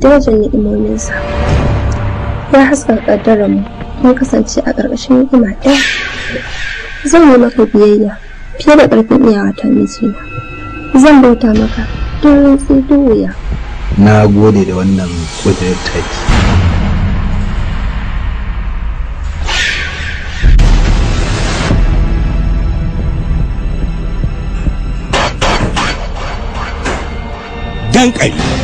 darajar ni'imominsa ya haska ƙaddararmu mun kasance a ƙarƙashin ni'ima ɗaya zan yi maka biyayya fiye da ƙarfin iyawata mijina zan bauta maka don rantsi duk wuya na gode da wannan ƙudurin taki dankali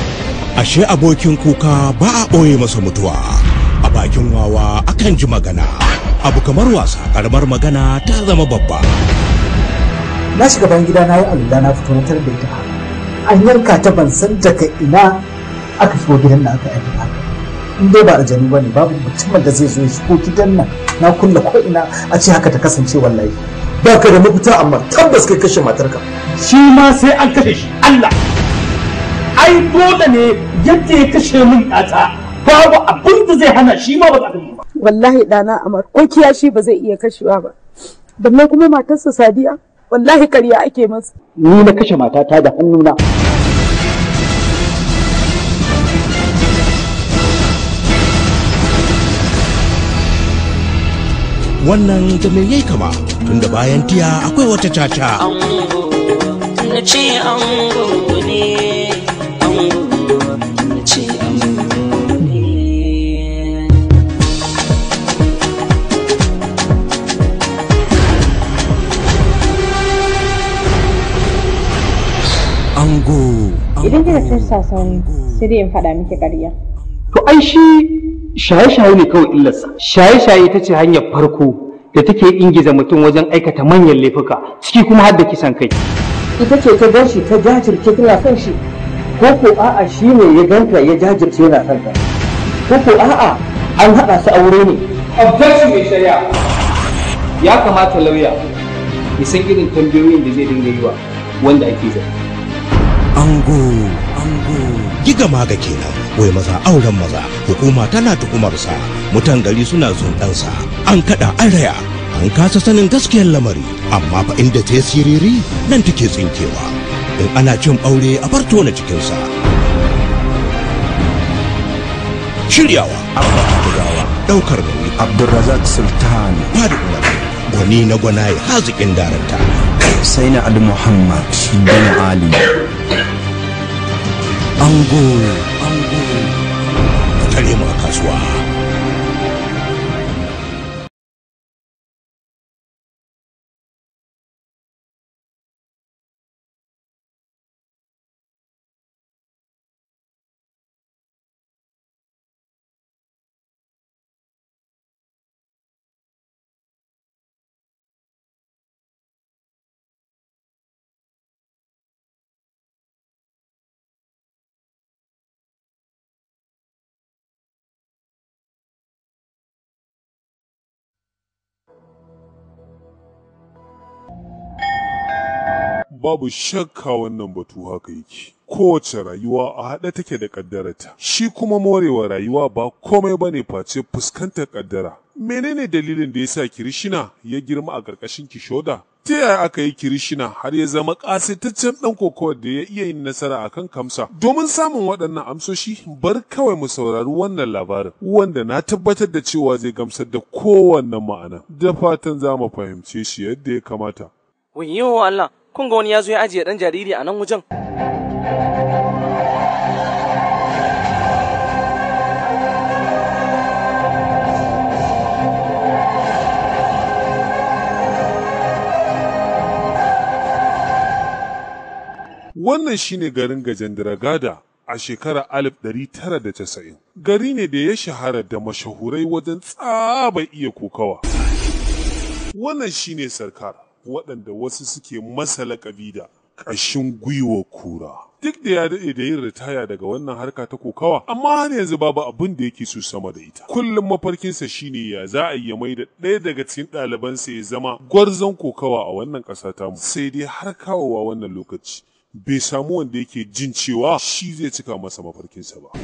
ashe abokin kuka ba a ɓoye masa mutuwa a bakin wawa akan ji magana abu kamar wasa karamar magana ta zama babba na shiga bayan gida na yi alula na fito na da ita an yanka ta ban san daga ina aka shigo gidan na aka aiki haka in dai ba a jani ba ne babu mutumin da zai zo ya shigo gidan nan na kulle ko ina a ce haka ta kasance wallahi ka da mafita amma tabbas kai kashe matarka shi ma sai an kashe shi ai dole ne yadda ya kashe min ɗata babu abin da zai hana shi ma ba za ba wallahi dana amar ko kiyashi ba zai iya kashewa ba balle kuma matarsa sadiya wallahi karya ake masa ni na kashe matata da hannuna wannan da me yayi kama tunda bayan tiya akwai wata caca ce sa sauri sai dai faɗa miki ƙarya to ai shi shaye-shaye ne kawai illarsa shaye-shaye ita ce hanyar farko da take ingiza mutum wajen aikata manyan laifuka ciki kuma har da kisan kai ita ce ta ganshi ta jajirce tana son shi ko ko a'a shi ne ya ganta ya jajirce yana kan ta ko ko a'a an haɗa su aure ne objection mai shari'a ya kamata lauya ya san irin tambayoyin da zai dinga yi wa wanda ake zargi ango giga maga kenan wai maza auren maza hukuma tana tuƙumarsa. mutan gari suna zundansa an kada an raya an kasa sanin gaskiyar lamari amma fa inda ta siriri nan take tsinkewa in ana cin aure a bar tona cikinsa shiryawa daukar nauyi abdulrazak sultan fadi umarni gwani na gwanaye haziƙin daranta sai na ali muhammad bin ali Ango. Ango. Tare mu a kasuwa. babu shakka wannan batu haka yake kowace rayuwa a haɗe take da ƙaddarata, shi kuma morewa rayuwa ba komai bane face fuskantar ƙaddara menene dalilin da ya sa kirishina ya girma a ƙarƙashin kishoda ta yaya aka yi kirishina har ya zama ƙasaitaccen ɗan kokowa da ya iya yin nasara a kan kamsa domin samun waɗannan amsoshi bar kawai mu saurari wannan labarin wanda na tabbatar da cewa zai gamsar da kowannen ma'ana da fatan za mu fahimce shi yadda ya kamata. Wayo Allah, kun ga wani ya zo ya ajiye ɗan jariri a nan wajen Wannan shine garin diragada a shekarar casa'in. Gari ne da ya shahara da mashahurai wajen tsaba iya kokawa. Wannan shine sarkar. waɗanda wasu suke masala ƙabida, ƙashin gwiwa kura. Duk da ya daɗe da yin ritaya daga wannan harka ta kokawa, amma har yanzu babu abin da yake so sama da ita. Kullum mafarkinsa shine ya za a iya mai da ɗaya daga cikin ɗalibansa ya zama gwarzon kokawa a wannan ƙasa ta mu Sai dai har kawowa wannan lokaci bai samu wanda yake jin cewa shi zai cika masa mafarkinsa ba.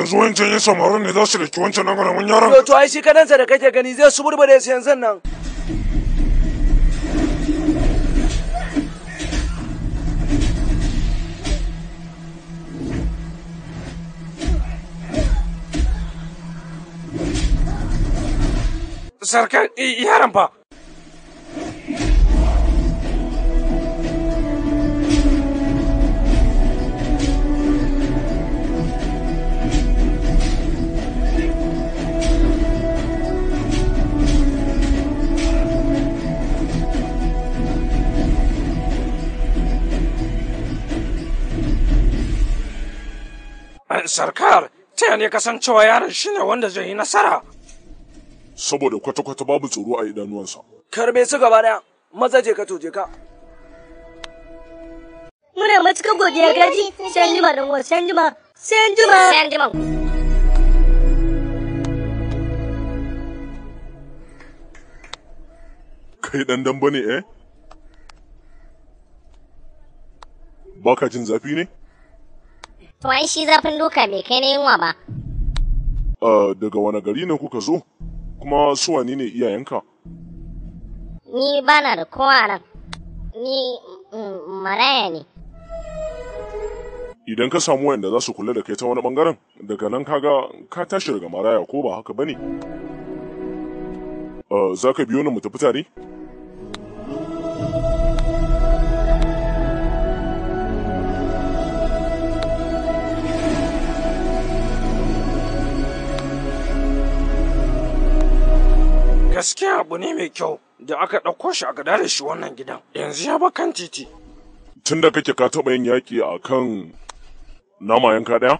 yanzu wancan ya samarin ne za su da wancan nan ƙaramin yaran. Yo to ai shi kadansa da kake gani zai su burbure su yanzu nan. Sarkan yaran fa. Sarkar, ta ne kasancewa yaron shi ne wanda zai yi nasara? Saboda kwata-kwata babu tsoro a idanuwansa. Karbe su gaba daya, maza je ka toje ka. Muna matuƙar godiya gaji, sai jima dan wasu, sai jima, sai jima. Sai jima. Kai dan dan ne eh? Baka jin zafi ne? To ai shi zafin duka bai kai na yunwa ba. daga wani gari ne kuka zo? Kuma su wani ne iyayenka? Ni ba da kowa nan. Ni mm, maraya ne. Idan ka samu wayanda za su kula da kai ta wani bangaren, daga nan kaga ka tashi daga maraya ko ba haka bane? Uh, za ka biyo ni mu tafi tare? gaskiya abu ne mai kyau da aka ɗauko shi a gada da shi wannan gidan yanzu ya bakan titi tun da kake ka taɓa yin yaƙi a kan nama yanka ɗaya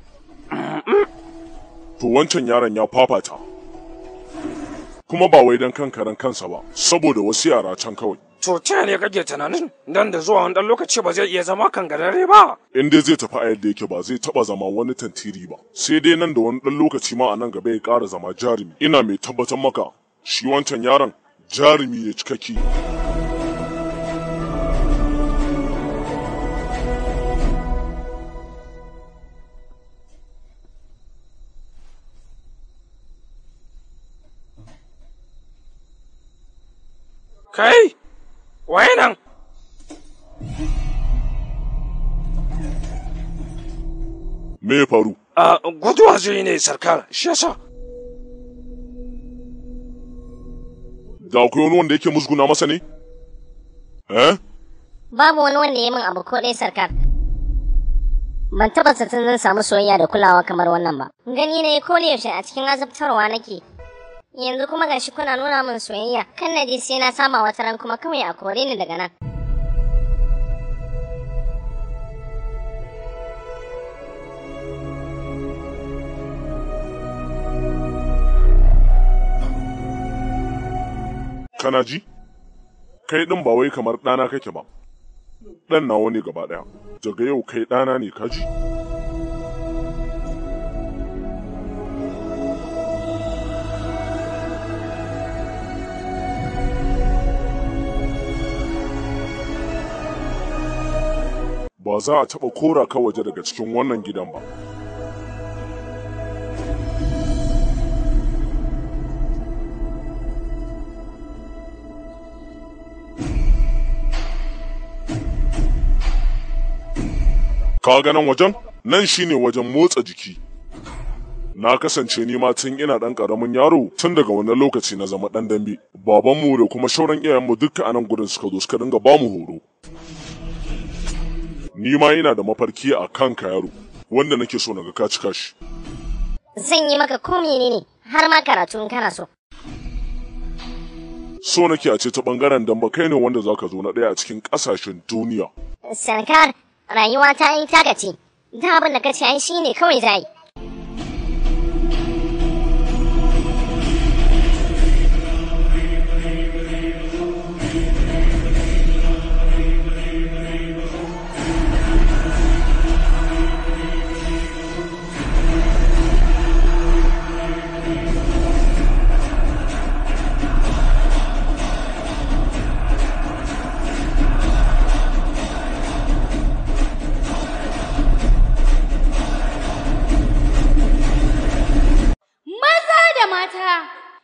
to wancan yaron ya fafata kuma ba wai don kan karan kansa ba saboda wasu yara can kawai to ta ne kake tunanin dan da zuwa wani dan lokaci ba zai iya zama kan gadare ba in dai zai tafi a yadda yake ba zai taba zama wani tantiri ba sai dai nan da wani dan lokaci ma a nan gaba ya kara zama jarumi ina mai tabbatar maka shi wancan yaron jarumi ne cikakke kai waye nan me faru a ah, guduwa ne sarkar shi yasa Da akwai wani wanda yake musguna masa ne? Eh? Babu wani wanda ya min abu ko ɗaya sarkar. Ban taɓa satin zan samu soyayya da kulawa kamar wannan ba. Gani ne ko da yaushe a cikin azabtarwa nake. Yanzu kuma gashi kuna nuna min soyayya. Kan na sai na sama wata ran kuma kawai a kore ni daga nan. Kana ji? Kai ɗin ba wai kamar ɗana kake ba. Ɗan nawa ne gaba ɗaya. Daga yau kai ɗana ne ka ji? ba za a taɓa kora ka waje daga cikin wannan gidan ba. Ka ga nan wajen? Nan shine wajen motsa jiki. Na kasance ni ma tun ina ɗan ƙaramin yaro tun daga wannan lokaci na zama ɗan dambe. Babanmu da kuma shauran iyayenmu duka a nan gurin suka zo suka dinga bamu horo. Ni ma ina da mafarki a kan yaro, wanda nake so na ga ka cika shi. Zan yi maka ko menene har ma karatu in kana so. so nake a ce ta bangaren damba kai ne wanda zaka zo na ɗaya a cikin ƙasashen duniya. Sarkar rayuwa ta yi taka da abin da ka ce ai shi ne kawai zai.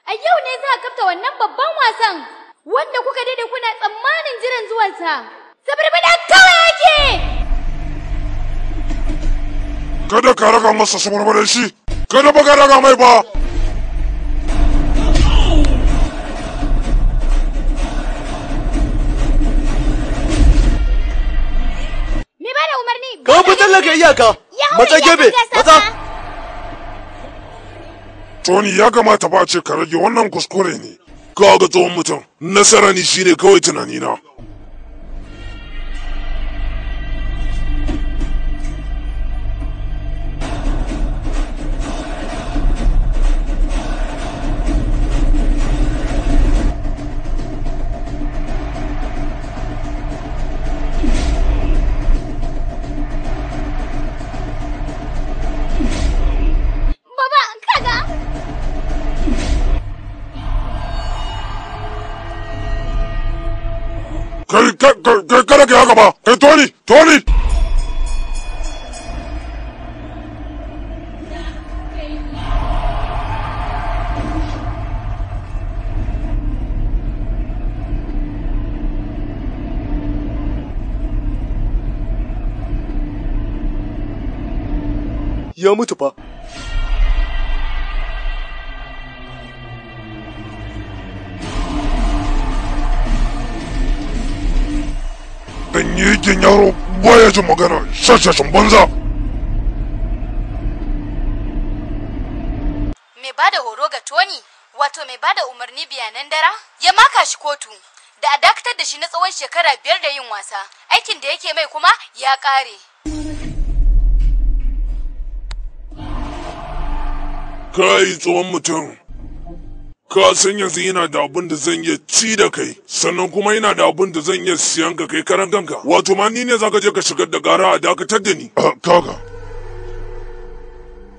A yau ne za a kafta wannan babban wasan wanda kuka daɗe kuna tsammanin jiran zuwansa. Sabarbada kawai yake! Kada ka raga masa sabarbadan shi, kada ba ka raga mai ba. Me ba da umarni? Ka fitar da iyaka, matsa gebe, matsa. Tony ya kamata ba ce ka rage wannan kuskure ne. Ka ga tsohon mutum, nasara ni shine kawai tunanina. kai kai kada ka haka ba kai eh, toni toni ya mutu pa. yakin yaro baya jin magana shashashin banza mai bada horo ga tony wato mai ba da umarni biyanan dara ya maka shi kotu da a dakatar da shi na tsawon shekara biyar da yin wasa aikin da yake mai kuma ya kare kai tsohon mutum ka san yanzu yana da abin da zan iya ci da kai sannan kuma yana da abin da zan iya siyan ka kai karan kanka wato ma ni ne zaka je ka shigar da gara a dakatar da ni ah, kaga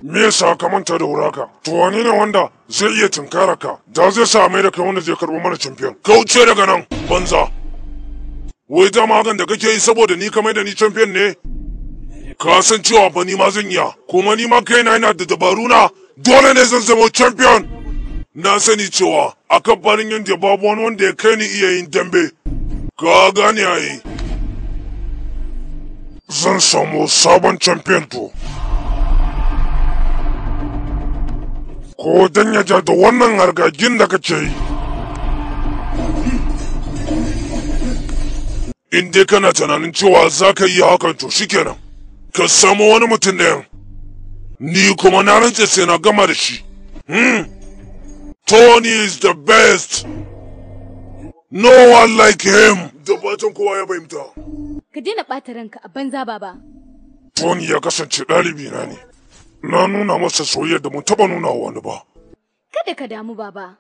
me yasa ka manta da wuraka to wani ne wanda zai iya tunkara ka da zai sa mai da kai wanda zai karɓo mana champion kauce daga nan banza wai dama hakan da kake yi saboda ni ka mai da ni champion ne ka san cewa ba ni ma zan iya kuma ni ma kaina yana da dabaru na dole ne zan zama champion na sani cewa a farin yadda babu wani wanda ya kai ni iya yin dambe ka gane yayi zan samu sabon champion to ko dan ya da wannan hargagin da kace yi in dai kana tunanin cewa za ka iya hakan to shikenan ka samu wani mutum da ni kuma na rance sai na gama da shi hmm. Tony is the best. No one like him. Da fatan kowa ya fahimta. Ka daina ɓata ranka a banza baba. Tony ya kasance ɗalibi na ne. Na nuna masa soyayya da mun taɓa nuna wani ba. Kada ka damu baba.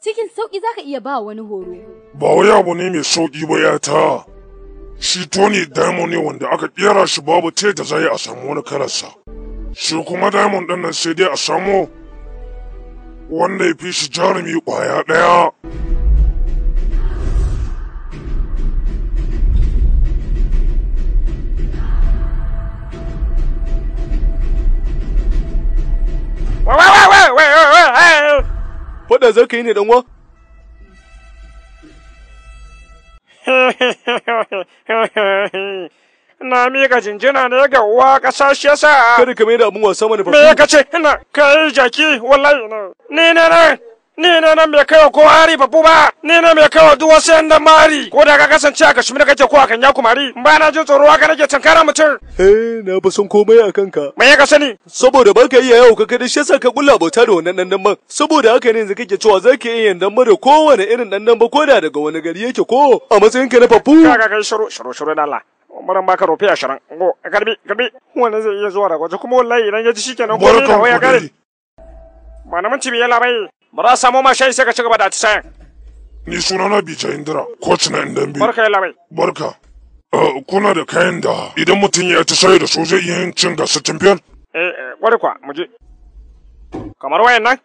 Cikin sauƙi za ka iya ba wani horo. Ba wai abu ne mai sauƙi ba ya ta. Shi Tony Diamond ne wanda aka ƙera shi babu ta da za a samu wani kararsa. Shi kuma Diamond ɗin nan sai dai a samo wanda ya fi shi jarumi ƙwaya ɗaya. Faɗa za ka yi ne ɗanwa? na miƙa jinjina ne ga uwa ƙasa shi yasa. Kada ka mai da abun wasa mana Me ka ce? Ina kai jaki wallahi na. Ni ne na ni ne na mai kai ko hari babu ba ni ne mai kai duk wasu yan mari ko da ka kasance a kashmir kake ko a ya kumari ba na jin tsoro haka nake tankara mutum eh na ba san komai a kanka me ka sani saboda ba ka iya yau ka kada shi yasa ka kulla bauta da wannan dan man saboda haka ne yanzu kake cewa zaki ka iya yan dan da kowane irin dan ba ko da daga wani gari yake ko a matsayin ka na Ka ga kai shiru shiru shiru da Allah Umaran baka rufe ashirin. Go, eh, karbi, karbi. Wannan zai iya zuwa da waje kuma wallahi idan ya ji shikenan ne. da waya gare. Malamin cibi biyar labai. Ba za samu ma shayi sai ka ci gaba da atisayen. Ni sunana Bija Indira, coach na Biyu. Barka ya labai. Barka. Eh, kuna da kayan da idan mutum ya atisaye da su zai iya yin cin gasa champion? Eh, eh kwari kwa, mu je. Kamar wayan nan?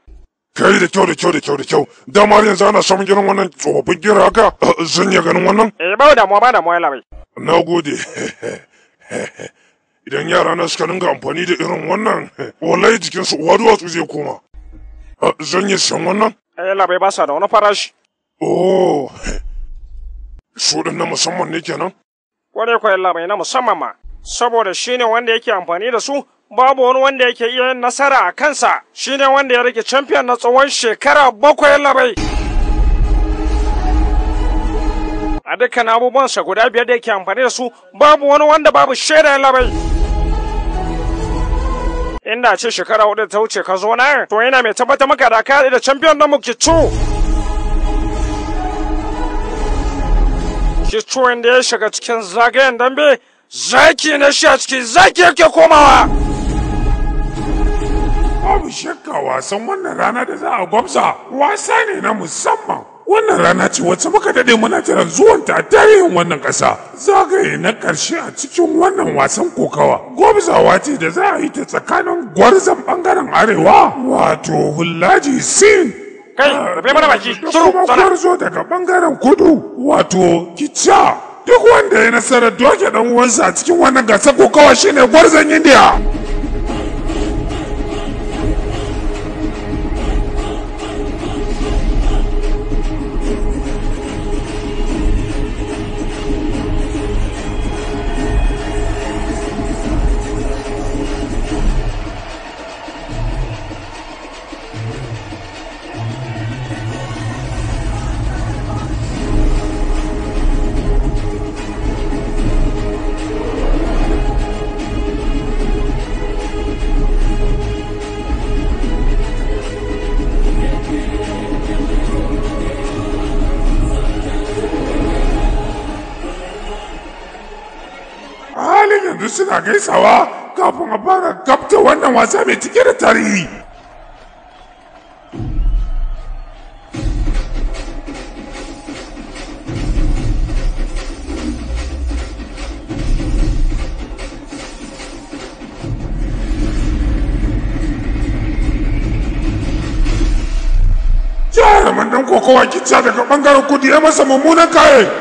Kai da kyau da kyau da kyau da kyau. Dama yanzu ana samun girin wannan tsofaffin gira haka zan iya ganin wannan? Eh, ba damuwa ba damuwa ya labai. Na gode. Idan yara na suka dinga amfani da irin wannan, wallahi jikinsu uwa duwatsu zai koma. Zan yi san wannan? Eh, bai ba sa da wani farashi. Oh, su na musamman ne kenan? Kwarai kwarai bai na musamman ma, saboda shi ne wanda yake amfani da su babu wani wanda yake iya yin nasara a kansa, shi ne wanda ya rike champion na tsawon shekara bakwai labai. a dukkan sa guda biyar da yake amfani da su babu wani wanda babu shaida labai. Inda ce shekara hudu ta wuce ka zo na to yana mai tabbatar maka da ka da champion na mu Kichu. wanda ya shiga cikin zagayen dambe zaki na shi a ciki zaki yake komawa. Babu shakka wasan wannan rana da za a gwamsa wasa ne na musamman. wannan rana ce wacce muka dade muna jiran zuwanta a tarihin wannan ƙasa zagaye na ƙarshe a cikin wannan wasan kokawa gwabzawa ce da za a yi ta tsakanin gwarzon bangaren arewa wato hullaji sin kai rufe mana baki suru sana gwarzo daga bangaren kudu wato kicca duk wanda ya nasarar doke dan uwansa a cikin wannan gasar kokawa shine gwarzan indiya gaisawa kafin a fara gabta wannan wasa mai cike da tarihi jarumin ɗan kokowa kicca daga ɓangaren kudi ya masa mummunan kayan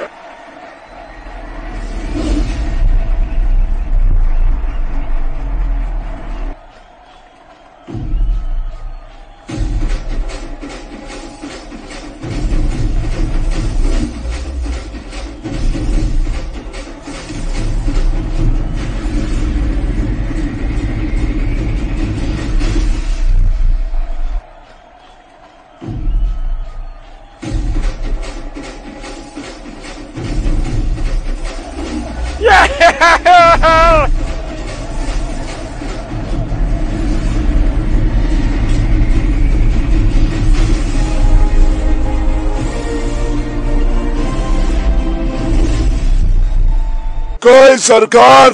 sarkar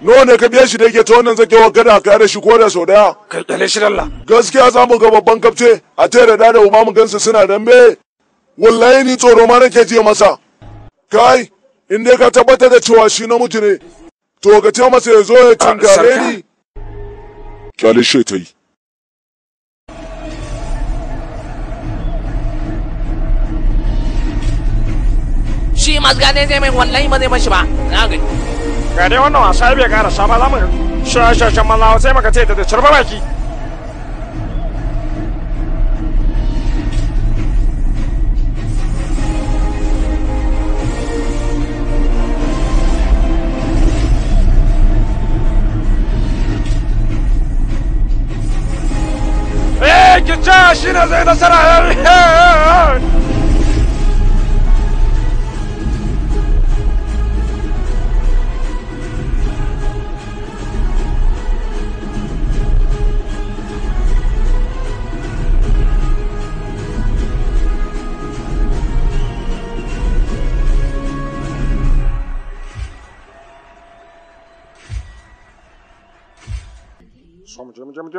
no ne ka biya shi da yake ta wannan wa kada ka da shi ko da sau daya kalkale shi allah. gaskiya za mu ga babban kafce a tare da da mu gansu suna dambe wallahi ni tsoro ma nake ji masa kai in dai ka tabbatar da cewa shi na mutu ne to ga ce masa ya zo ya cin ah, ni kyale shi ta yi shi masu gane zai mai wallahi ba zai mashi ba na gani ga dai wannan wasa bai gara sha ba za mu shashashan malawa sai maka ce da da cirba baki Ya eh, shi ne zai nasara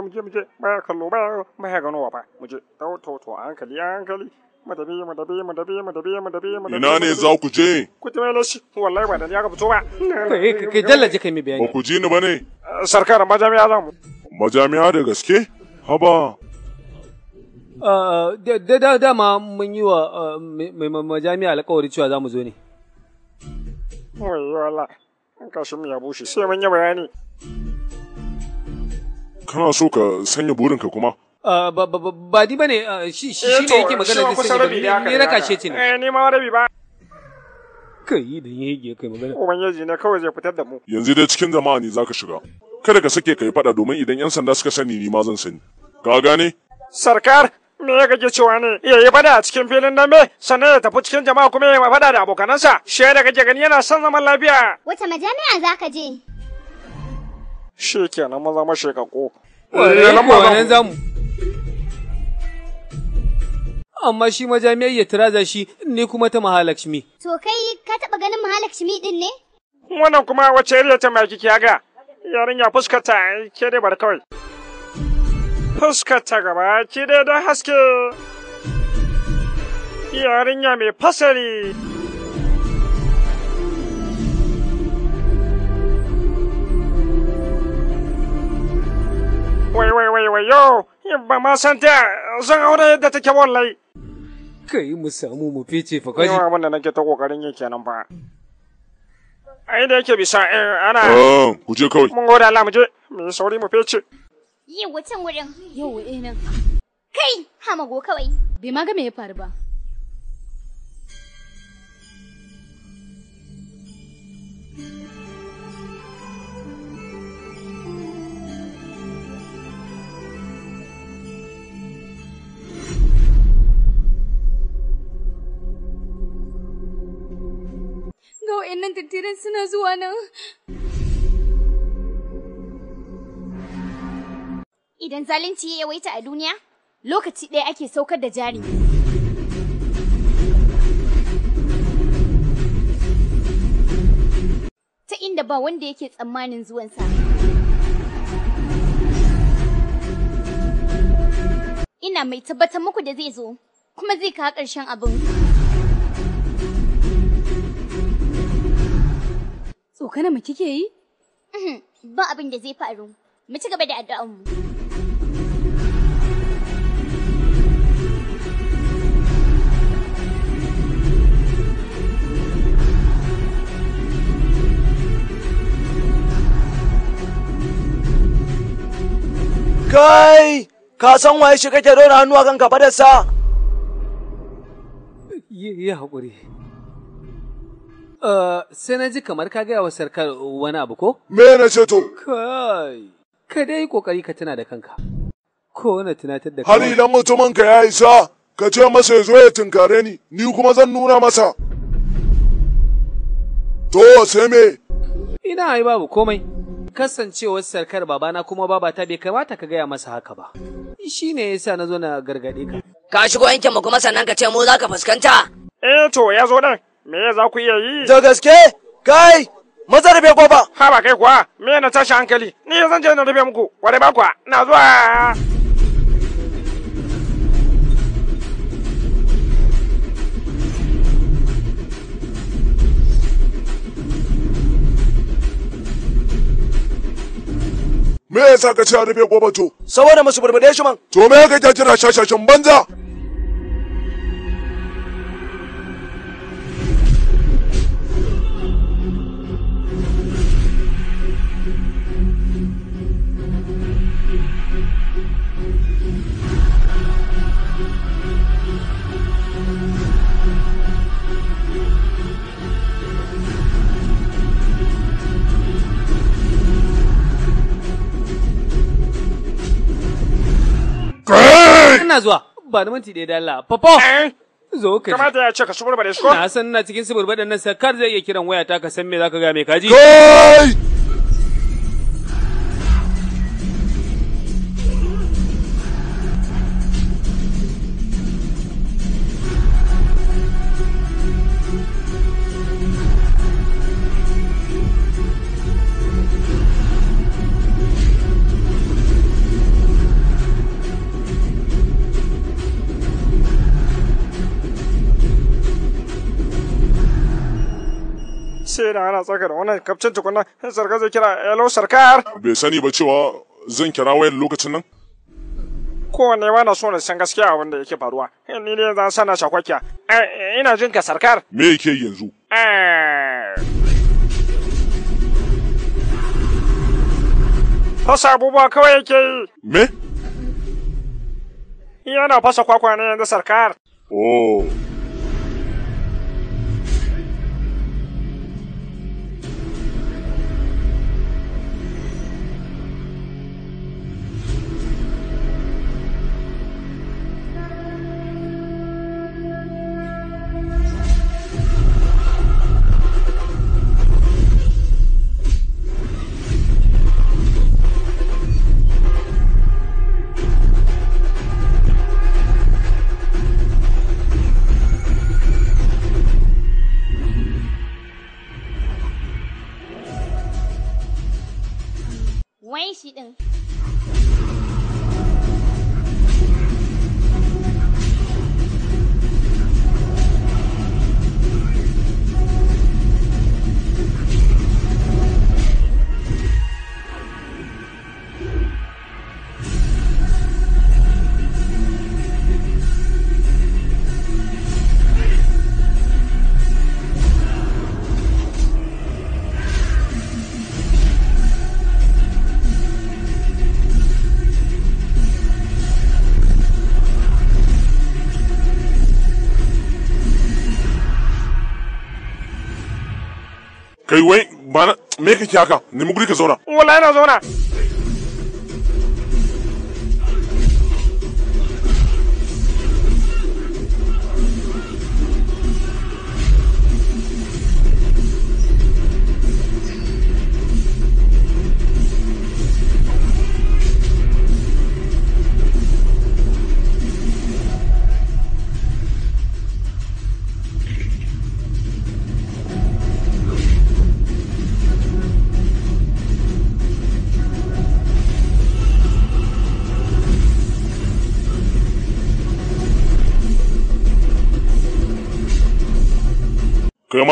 muje kallo to to to hankali ina ne za ku je ku ta melo shi wallahi ba da ya ga fito ba eh, kai dallaje kai mi bayani ku ji ni bane sarkar majami'a za mu majami'a da gaske haba ah, ah, da da ma mun yi wa ah, majami'a alƙawari cewa za mu zo ne wai wala kashin ya bushe sai mun yi bayani kana so ka sanya burinka kuma ah, ba di bane ah, shi ne eh, yake magana da sanya bari ne raka ce ce ne eh ni ma rabi ba kai da yake kai magana ubangiji ne kawai zai fitar da mu yanzu dai cikin jama'a ne zaka shiga kada ka sake kai fada domin idan yan sanda suka sani ni ma zan sani ka gane sarkar me ya kake cewa ne ya yi fada a cikin filin dambe sannan ya tafi cikin jama'a kuma ya fada da abokanansa shi da kake gani yana son zaman lafiya wace majami'a zaka je shi kenan maza shekako. Wannan eh, zamu. Amma shi majami'ar ya tiraza shi ni kuma ta Mahalakshmi. To kai ka taɓa ganin Mahalakshmi ɗin ne? Wannan kuma wace iriya ta mai kiki ga? Yarinya fuskata ke dai bar kawai. Fuskata gaba ke dai don haske. Yarinya mai fasari. Wai wai ba ma san zan aure Kai mu samu mu fice ta da yake eh, oh, kawai. Mun sauri mu fice. Eh, kawai. ba. you ga wa'annan tattirin suna zuwa nan. Idan zalunci ya yawaita a duniya, lokaci ɗaya ake saukar da jari. Ta inda ba wanda yake tsammanin zuwansa. Ina mai tabbatar muku da zai zo, kuma zai kawo ƙarshen abin. tsokana mu kike yi? Uhm, ba abin da zai faru. Mu ci gaba da addu'an mu. Kai, ka san waye shi kake dora hannu a kan Ye, ye haƙuri. Eh, sai na ji kamar ka gaya wa sarkar wani abu ko? Me na ce to? Kai, ka dai kokari ka tuna da kanka. Ko na tunatar da kanka. Har idan mutumin ka ya isa, ka ce masa ya zo ya tunkare ni, ni kuma zan nuna masa. To sai me? Ina ai babu komai. Kasancewar sarkar babana kuma babata bai kamata ka gaya masa haka ba. Shi ne ya sa na zo na gargaɗe ka. Ka shigo yankin mu kuma sannan ka ce mu za ka fuskanta. Eh to ya zo nan. me za ku iya yi da gaske kai maza rabe kofa. ha ba kai kuwa me na tashi hankali ni zan je na rabe muku kwarai ba kuwa na zuwa Me yasa ka ce a rufe gobe to? Saboda masu barbade shi man. To me ka shashashin banza? ina zuwa. Ba da minti ɗaya da Allah. Eh? Papa. Zo ka Kamata ya ce ka suburba da shi ko? Na san na cikin suburba ɗan nan sakar zai iya kiran waya ta ka san me za ka ga mai kaji. Kai! da ana tsaka da wannan kafcin tukunna sarkar zai kira hello sarkar bai sani ba cewa zan kira wai lokacin nan kowanne ma na so na san gaskiya abin da yake faruwa eh, ni ne zan sana shakwakiya eh, eh, ina jin ka sarkar me yake yanzu fasa abubuwa kawai yake yi me yana fasa kwakwa ne yanzu sarkar oh kai wai ba me kake haka nemi guri ka zauna wallahi na zauna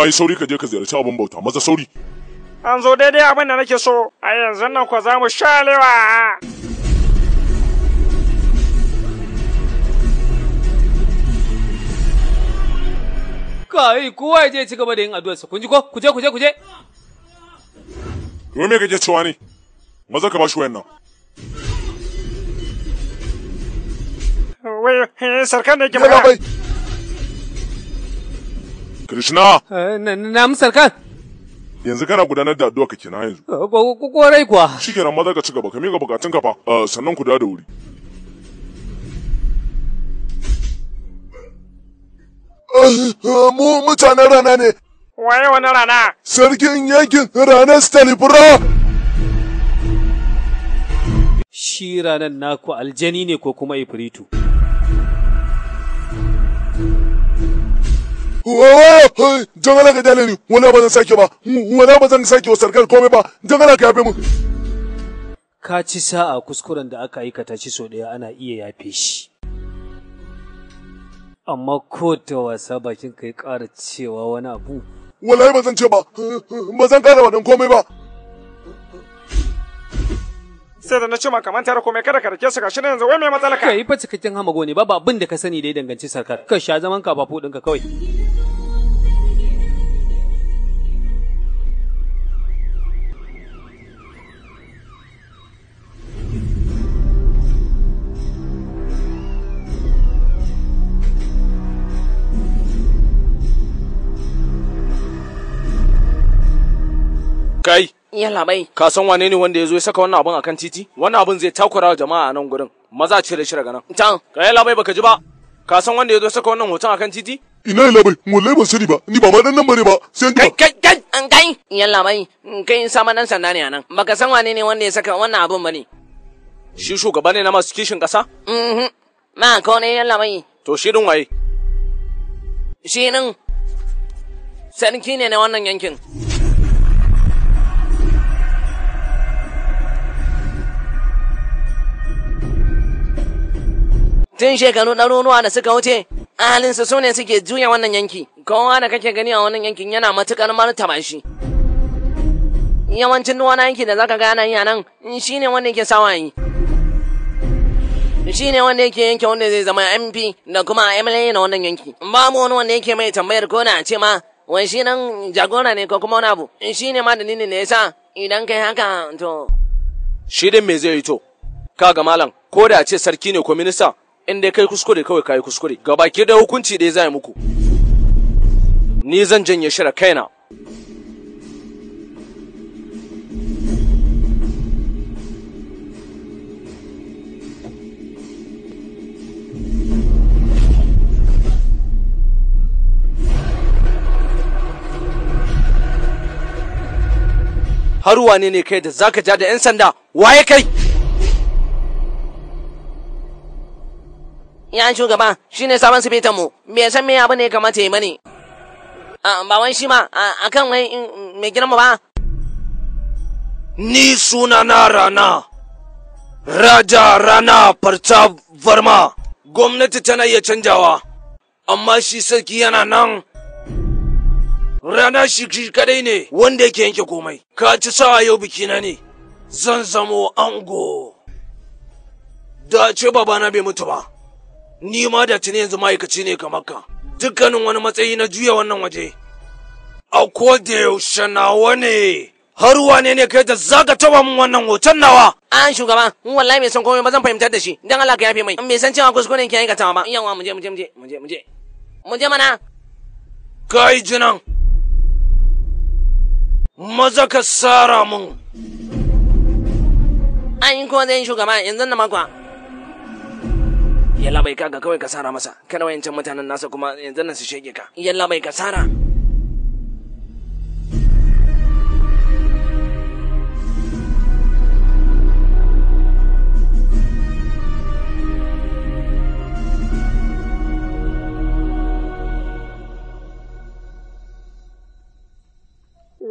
yi sauri ka je ka ziyarci abin bauta maza sauri an zo daidai abin da nake so a yanzu nan ku za mu sha lewa kai kowa ya je ci gaba da yin addu'arsa kun ji ko ku je ku je ku je me kake cewa ne maza ka ba shi wayan wai eh, sarkar da yake magana Krishna. Eh, na sarkan. Yanzu kana gudanar da addu'a kake na yanzu. Eh, Korai kuwa. Shikenan maza ka ci gaba, ka miƙa ka fa, eh, sannan ku da wuri. Mu mutanen rana ne. Waye wani rana? Sarkin yankin ranar Stalibra. Shi ranar naku aljani ne ko kuma ifritu. jan ala ka dale ni wala ba zan sake ba wala ba zan sake wa sarkar komai ba jan ala ka yafe mu ka ci sa'a kuskuren da aka aikata shi sau ɗaya ana iya yafe shi amma ko ta wasa bakin yi ƙara cewa wani abu wallahi ba zan ce ba ba zan ƙara wadan komai ba sai da na ce maka mantar komai kada ka rake su gashi ne yanzu wai mai matsala ka yi fa cikakken hamago ne babu abin da ka sani da ya danganci sarkar ka sha zaman ka ba fudin ka kawai Yalla bai. Ka san wane ne wanda ya zo ya saka wannan abun akan titi? Wannan abun zai takura wa jama'a a nan gurin. Maza ce cire shi daga nan. Tan. Ka yalla bai baka ji ba? Ka san wanda ya zo ya saka wannan hoton akan titi? Ina yalla bai, lai ba sani ba. Ni ba ma dan nan bane ba. Sai ka. Kai kai an kai. Yalla bai, kai in sama nan sanda ne a nan. Baka san wane ne wanda ya saka wannan abun bane. Shi shugaba ne na masu kishin kasa? Mhm. Ma ko ne yalla bai. To shi din waye? Shi nan sarki ne na wannan yankin. tun shekaru ɗaruruwa da suka wuce ahalinsu su ne suke juya wannan yanki kowa da kake gani a wannan yankin yana matuƙar martaba shi yawancin wani yanki da zaka gana yi a nan shi ne wanda yake sawa yi shi ne wanda yake yanke wanda zai zama mp da kuma mla na wannan yanki babu wani wanda yake mai tambayar ko na ce ma wai shi nan jagora ne ko kuma wani abu shi ne ma da da ya sa idan kai haka to shi din me zai yi to Ka ga malam ko da ce sarki ne ko minista in dai kai kuskure kawai kai kuskure baki da hukunci dai zai muku ni zan janye shira kaina har wane ne kai da zaka ja da 'yan sanda waye kai ya shugaba ne sabon sifitan mu san me abu ne kamata yi mani. ba wai shi ma akan wai mai mu ba ni suna na rana raja rana farta varma gwamnati tana iya canjawa amma shi sarki yana nan rana shi kadai ne wanda yake yanke komai ka ci sawa yau bikina ne zan zamo ango da ce babana bai mutu ba ni ma da tuni yanzu ma'aikaci ne kamar ka dukkanin wani matsayi na juya wannan waje a ko da yaushe nawa ne har wane ne kai da zaka taba min wannan hoton nawa an shugaba in wallahi mai son komai ba zan fahimtar da shi dan Allah ka yafe mai mai san cewa kuskure ki aikata ba yawa mu je mu je mu je mu je mu je mu je mana kai jinan maza ka sara mun an yi ko yin shugaba yanzu na makwa yalla bai kaga kawai ka sara masa kana wayancan mutanen nasa kuma yanzu nan su shege ka yalla bai ka sara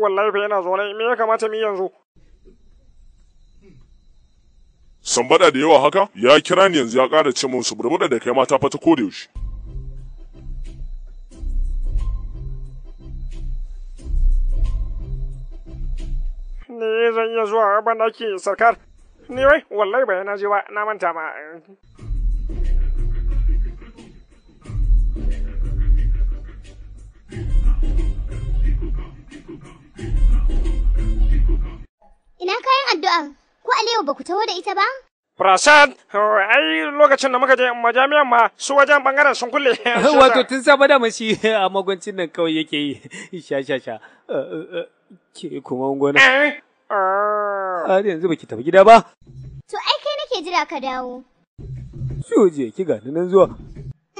wallahi fa yana zaune me ya kamata mu yanzu Sambada da yawa haka ya kira ni yanzu ya kara ce mun su burbuɗa da kai mata fata ko yaushe. Ni zan iya zuwa ban ɗaki sarkar. Ni wai wallahi bai na je ba na manta ma. Ina kayan addu'a Aliyu ba ku taho da ita ba? Prasad, ai lokacin da muka je majami'an ma su wajen bangaren sun kulle. Wato tun safe da mashi a magwancin nan kawai yake yi sha sha sha. Eh, eh, eh, ke kuma gona. Har yanzu ki tafi gida ba. To ai kai nake jira ka dawo. Shoje ki ga nan zuwa.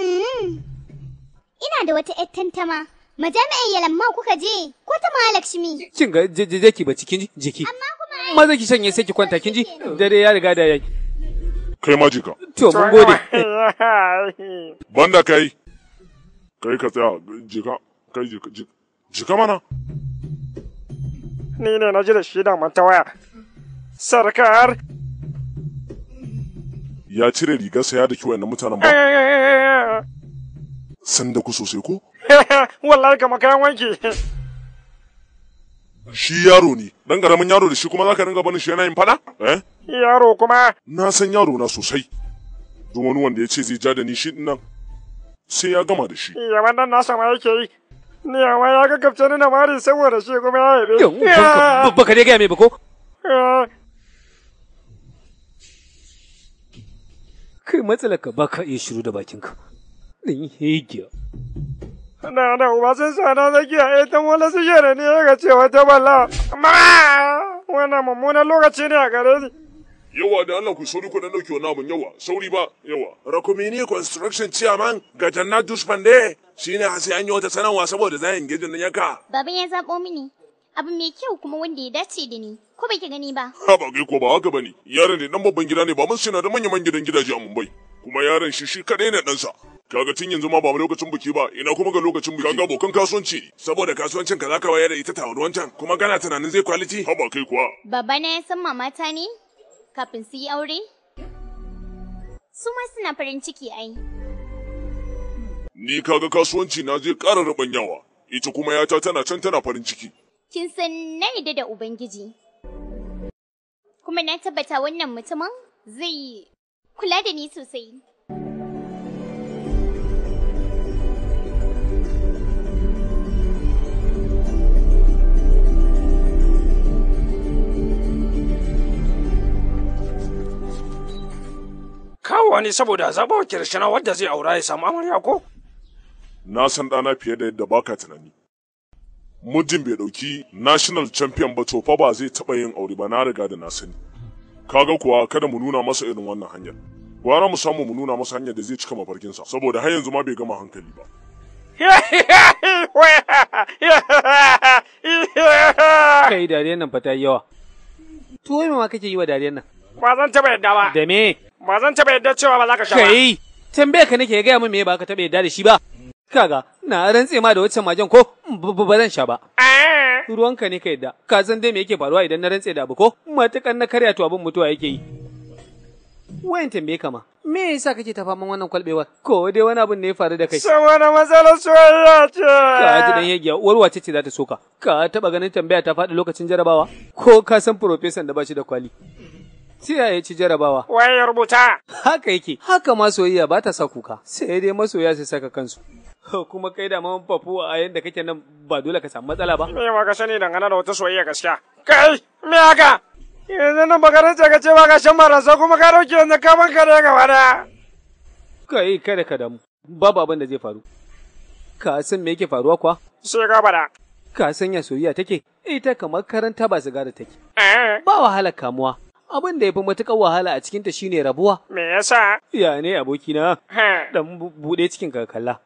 Mm-hmm. Ina da wata 'yar tantama. Majami'ar Yalamman kuka je ko ta Mahalakshmi? Kin ga jeki ba cikin jiki. Amma kuma maza ki sanya sai ki kwanta kin ji dare ya riga da yayi. Kai ma jika. To mun gode. Banda kai. Kai ka tsaya jika kai jika jika mana. Ni ne na ji da shi da manta waya. Sarkar. Ya cire rigarsa ya daki wayannan mutanen ba. Sanda ku sosai ko? wallahi kama kayan wanki shi yaro ne dan karamin yaro da shi kuma zaka ringa bani shi yana yin fada eh yaro kuma na san yaro na sosai don wani wanda ya ce zai ja da ni shi nan sai ya gama da shi ya wannan na sama yake yi ni amma ya ga kafce ni na mari saboda shi kuma ya yi ba baka dai ga me ba ko eh. kai matsalaka baka iya shiru da bakinka ɗin hegiya Na na uba sun sana tsakiya eh, ita mola su yare ne ya ga cewa ta balla. Ma wannan mummunan lokaci ne a gare ni. Yawa da Allah ku sauri ku dan dauke wannan abun yawa sauri ba yawa. Rakumini construction chairman ga Jannat Dushpande shine sai an yi wata sanarwa saboda zayin gejin nan ka. Baban ya zabo mini. abu mai kyau kuma wanda ya dace da ni ko bai ki gani ba ha ba gai ko ba haka bane yaron ne dan babban gida ne ba mun suna da manyan gidan gidaje a Mumbai kuma yaron shi shi kadai ne dan sa kaga tun yanzu ma ba lokacin buki ba ina kuma ga lokacin buki kaga bokan kasuwanci saboda kasuwancin ka zaka wayar da ita ta wancan kuma kana tunanin zai kwaliti haba kai kuwa baba ne ya san mamata ne kafin su yi aure su ma suna farin ciki ai ni kaga kasuwanci na zai ƙara yawa, ita kuma yata tana can tana farin ciki kin san na yadda da ubangiji kuma na tabbata wannan mutumin zai kula da ni sosai kawowa ne saboda zaɓa wa kirshina wadda zai aura ya samu amarya ko? Na san ɗana fiye da yadda baka tunani. Mujin bai ɗauki national champion ba tofa ba zai taɓa yin aure ba na riga da na sani. Kaga kuwa kada mu nuna masa irin wannan hanyar. Gwara mu samu mu nuna masa hanyar da zai cika mafarkinsa saboda har yanzu ma bai gama hankali ba. Kai dariyar nan fata ta yi yawa. Tuwo ma kake yi wa dariyar nan? Ba zan taɓa yadda ba. Da me? Ba zan taɓa yadda cewa ba za ka sha ba. Kai, tambaye ka nake gaya min me ba ka taɓa yadda da shi ba. Kaga, na rantse ma da waccan majan ko ba zan sha ba. Eh. Ruwanka ne ka yadda, ka san dai me yake faruwa idan na rantse da abu ko matukan na karya to abin mutuwa yake yi. Wayan tambaye ka ma, me yasa kake ta faman wannan kwalbewar? Ko dai wani abin ne ya faru da kai? Sai wani matsalar soyayya ce. Ka ji dan yagiya, uwar wace ce za ta soka? Ka taɓa ganin tambaya ta faɗi lokacin jarabawa? Ko ka san profesan da ba shi da kwali? Siya ya ci jarabawa. Wai ya rubuta. Haka yake, haka ma soyayya ba ta sa kuka, sai dai masoya su saka kansu. Kuma kai da man fafu a yanda kake nan ba dole ka samu matsala ba. Me ka sani dangane da wata soyayya gaskiya? Kai, me haka? Yanzu nan baka rantsa ka ce ba ka shan marasa kuma ka dauke yanzu ka da gaba da. Kai, kada ka damu. Babu abin da zai faru. Ka san me yake faruwa kuwa? Sai ka bada. Ka sanya soyayya take? Ita kamar karanta ba sigara take. Eh. Ba wahala kamuwa. abin da ya fi matuƙar wahala a cikinta shine rabuwa. Me yasa? Ya ne abokina? Dan buɗe cikin kakalla.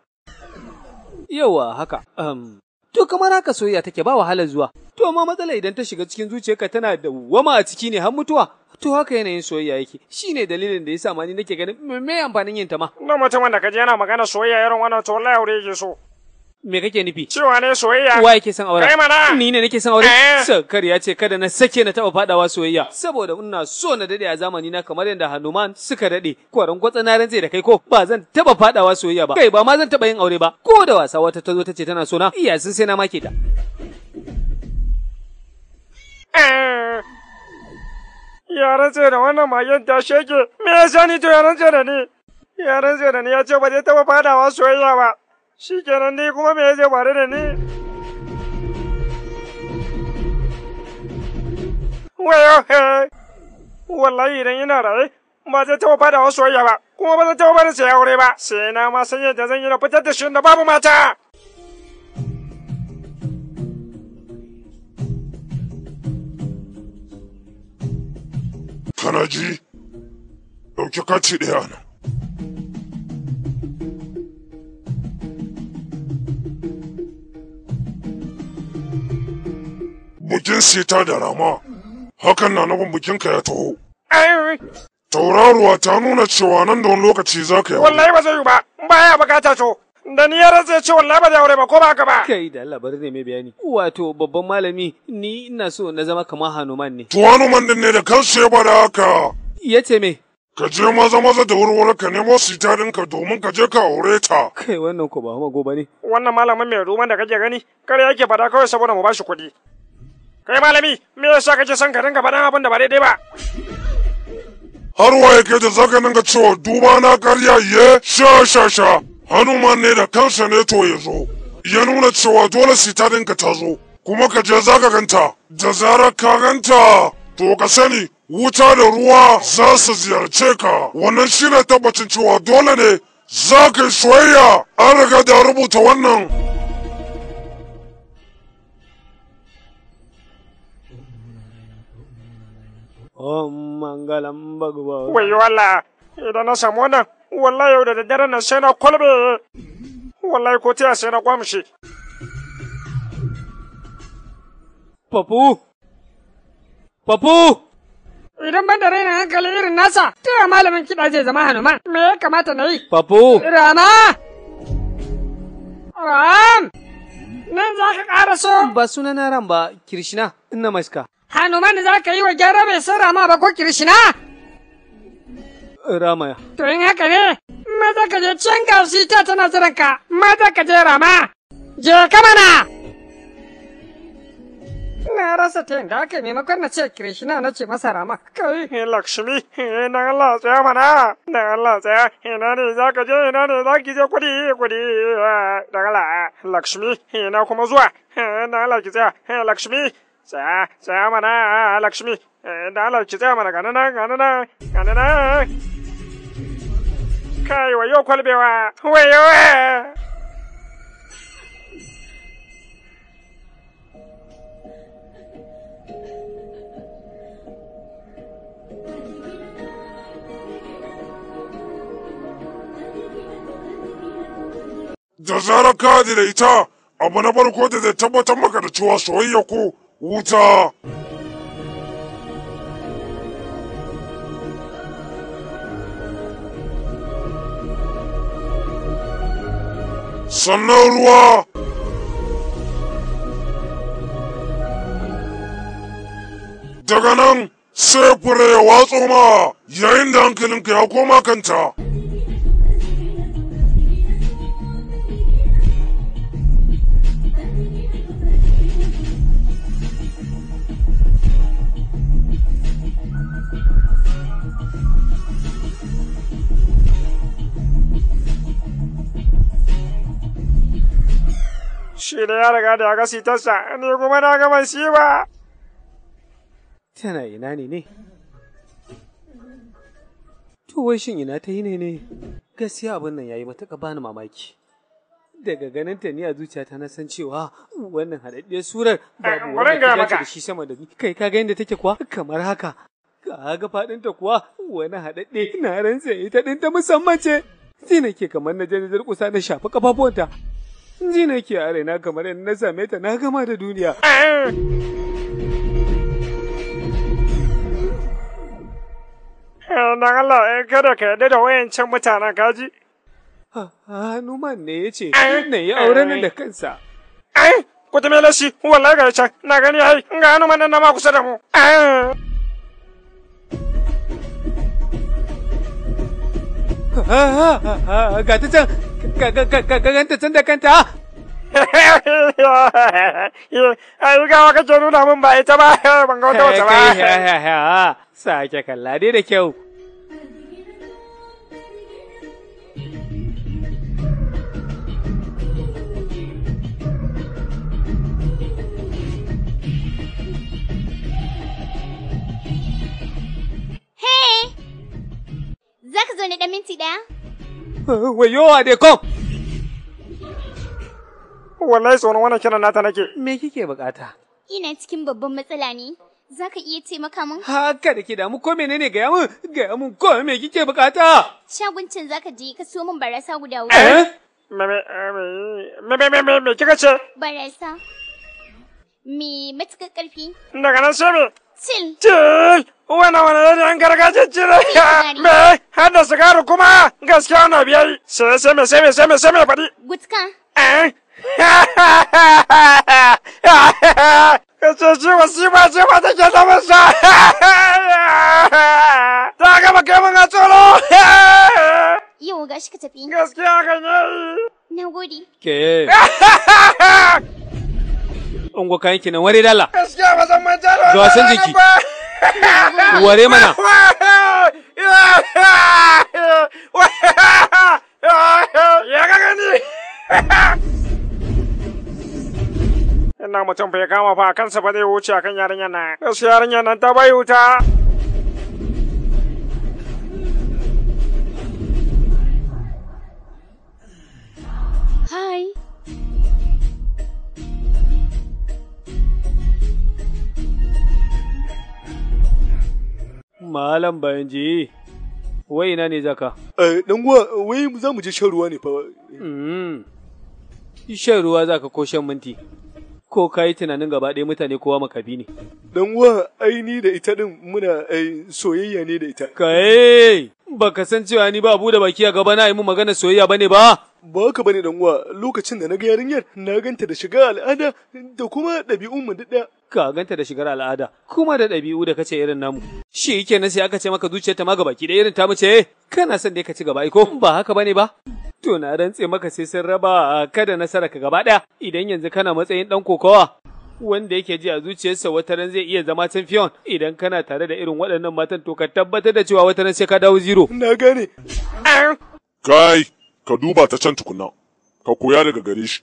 Yawa haka. Um, to kamar haka soyayya take ba wahala zuwa. To ma matsala idan ta shiga cikin zuciyarka tana da wama a ciki ne har mutuwa. To haka yanayin soyayya yake. Shi ne dalilin da yasa ma ni nake ganin me amfanin yin ta ma. Na mutumin da kaje yana magana soyayya irin wannan to wallahi aure yake so. me kake nufi? Cewa ne soyayya. Wa yake son aure? Kai mana. Ni ne nake son aure? Eh. Sakar ya ce kada na sake na taba fadawa soyayya. Saboda ina so na daɗe a zamani na kamar yadda Hanuman suka daɗe. kwaran gwatsa na rantse da kai ko ba zan taba fadawa soyayya ba. Kai ba ma zan taba yin aure ba. Ko da wasa wata ta zo ta ce tana so na iya sun sai na make ta. Eh. Ya rantse da wannan magen ta sheke. Me ya sani to ya rantse da ni? Ya rantse da ni ya ce ba zai taba fadawa soyayya ba. Shi kenan ni kuma me zai faru da ni? Wayo he! Wallahi idan ina raye, ba zai taɓa fada wa soyayya ba, kuma ba zai taɓa bani sai aure ba, sai na ma san yadda zan yi na fitar da shi da babu mata. kanaji dauki Ɗauki kati ɗaya nan. bukin sita da rama hakan na nufin ka ya taho tauraruwa ta nuna cewa nan da wani lokaci za ka yi wallahi ba zai yi ba baya bukata to da ni ya zai ce wallahi ba zai aure ba ko ba ka ba kai da Allah bari zai mai bayani wato babban malami ni ina so na zama kamar Hanuman ne to Hanuman din ne da kansa ya bada haka ce me ka je maza maza da wurwuri ka nemo sita ka domin ka je ka aure ta. Kai wannan ko ba hama gobe ne. Wannan malamin mai ruwan da kake gani kar yake fada kawai saboda mu bashi kuɗi. Kai malami, me yasa kake son ka dinga faɗan abin da ba daidai ba? Har waye ke da zaka dinga cewa duba na karya ye sha sha sha. Hanuman ne da kansa ne to ya zo. Ya nuna cewa dole sita dinka ta zo. Kuma ka je zaka ganta. Da zarar ka ganta, to ka sani wuta da ruwa za su ziyarce ka. Wannan shine tabbacin cewa dole ne zaka ka soyayya. An riga da rubuta wannan. Om mangalam bhagavan. Wai wala, idan na samu wannan, wallahi yau da daddare na sai na kwalbe. Wallahi ko tiya sai na kwamshe. Papu! Papu! Idan ban da raina hankali irin nasa, taya malamin kiɗa zai zama Hanuman. Me ya kamata na yi? Papu! Rama! Ram! Nan za ka ƙara so? Ba sunana Ram ba, Kirishina, ina maska. Hanuman za ka yi wa gyara bai san rama ba ko Kirishina? Ramaya. To yin haka ne, maza ka je can gashi ta tana ka, maza ka je rama, je ka mana! Na rasa ta da aka maimakon na ce Kirishina na ce masa rama. Kai, Lakshmi, na Allah tsaya mana, na Allah tsaya, ina ne za ka je, ina ne za ki je kudi, kudi, da Allah, Lakshmi, ina kuma zuwa, na Allah ki tsaya, Lakshmi, tsaya tsaya mana lakshmi eh, da Allah ki tsaya mana gana nan gana nan gana wa kai wayo kwalbewa Da zarar ka da ita, abu na farko da zai tabbatar maka da cewa soyayya ko 오자! 산나으로 와! daga nan sai fure ya watso ma yayin da hankalin ka ya koma kanta. shi da ya riga da ya ga sitarsa, ni kuma na ga si ba. Tana ina ne ne? To shin ina ta yi ne ne? Gaskiya abin nan yayi matuƙa bani mamaki. Daga ganin ta ni a zuciyata na san cewa wannan haɗaɗɗiyar surar babu wanda ta da shi sama da ni. Kai ka ga yadda take kuwa kamar haka. Kaga faɗinta kuwa wani haɗaɗɗe na rantsa ita ɗin ta musamman ce. Sai ke kamar na je na na shafi ƙafafuwanta. ji nake a raina kamar yadda na same ta na gama da duniya Don Allah, kada ka yarda da wayan wayancin mutanen kaji. Hanuman ne ya ce, na yi auren da kansa. Ai, ku ta mele shi, wallahi ga can, na gani ai, ga Hanuman nan na ma kusa da mu. ga ta can ka ganta can da kanta ai gawa ka ce nuna min ba ita ba ban ga wata wata ba sake kalla dai da kyau Hey! Za ka zo ne ɗan minti ɗaya? Wayo a dai kom! Wallahi tsoron wannan kiran nata nake. Me kike bukata? Ina cikin babban matsala ne. Za ka iya taimaka min? Haka da ke damu ko menene gaya mun Gaya min ko me kike bukata? Shagon can za ka je ka siyo min barasa guda uku. Eh? Me me me me kika ce? Barasa. Me matuƙar ƙarfi. Daga nan sai me? Til. Til. Wannan wani dadin gargajiyar ya Me? hada sigaru kuma gaskiya na biyar. Sai sai me sai me sai me sai me faɗi. Gutka. Eh? Kace shi wasiba ce ba take zama sa. Ta gama kai mun a tsoro. Yau gashi ka tafi. Gaskiya kan yayi. Na gode. Ke. Ungo wari dala. Gaskiya ba zan manta da wannan jiki. ware mana ya ga gani ina mutum bai kama fa kansa ba zai wuce akan yarinya na gaskiya yarinya nan ta bai wuta Malam bayan ji, wai ina ne zaka? Ɗan eh, uwa, wai za mu je shan ruwa ne fa. Hmm. Shan ruwa za ka ko shan minti? Ko ka yi tunanin gaba ɗaya mutane kowa makabi ne? Ɗan uwa, ai ni da ita ɗin muna eh, soyayya ne da ita. Kai, Ba ka san cewa ni ba bude baki a gaba na yi mu magana soyayya ba ne ba? ba haka ne dan uwa lokacin da na ga yarinyar na ganta da shiga al'ada da kuma ɗabi'un mu Ka gaganta da shigar al'ada kuma da ɗabi'u da kace irin namu shi yake na sai aka ce maka zuciyarta ma gaba da irin ta mace kana son da ka ci gaba iko ba haka bane ba to na rantse maka sai sun raba ah, kada nasara ka gaba ɗaya idan yanzu kana matsayin dan kokawa wanda yake ji a zuciyarsa wata ran zai iya zama champion idan kana tare da irin waɗannan matan to ka tabbatar da cewa wata ran sai ka dawo zero na gane kai ka duba ta can tukunna ka koya daga gare shi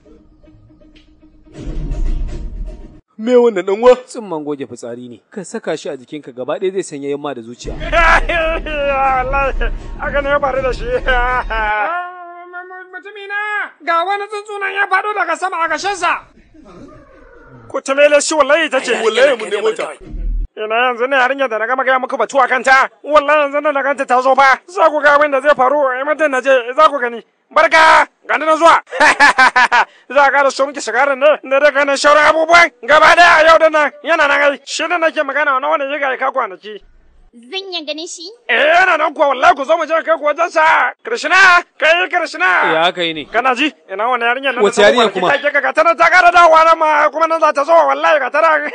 Me wannan dan wa? Tsimman goge fitsari ne. Ka saka shi a jikinka gaba ɗaya zai sanya yamma da zuciya. Haka ne ya faru da shi. Mutumina ga wani tsuntsunan ya faɗo daga sama a gashinsa. Ko ta shi wallahi ta ce. Wallahi mun ne mota. Ina yanzu ne yarinyar da na gama gaya muku batu a kanta, wallahi yanzu na ganta ta zo ba za ku ga abin da zai faru a matan na za ku gani. Barka, gani na zuwa. Za ka da so muke shigarar ne, da daga nan shauran abubuwan gaba daya a yau da nan yana nan ai, shi ne nake magana wani wani ya ga ya kwanaki. Zan iya ganin shi? Eh yana nan kuwa wallahi ku zo mu je kai ku wajen sa. Krishna, kai Krishna. Ya kai ne. Kana ji? Ina wannan yarinya nan. Wace yarinya kuma? Kai ka tana ta ƙara da nan ma kuma nan za ta zo wallahi ka tana.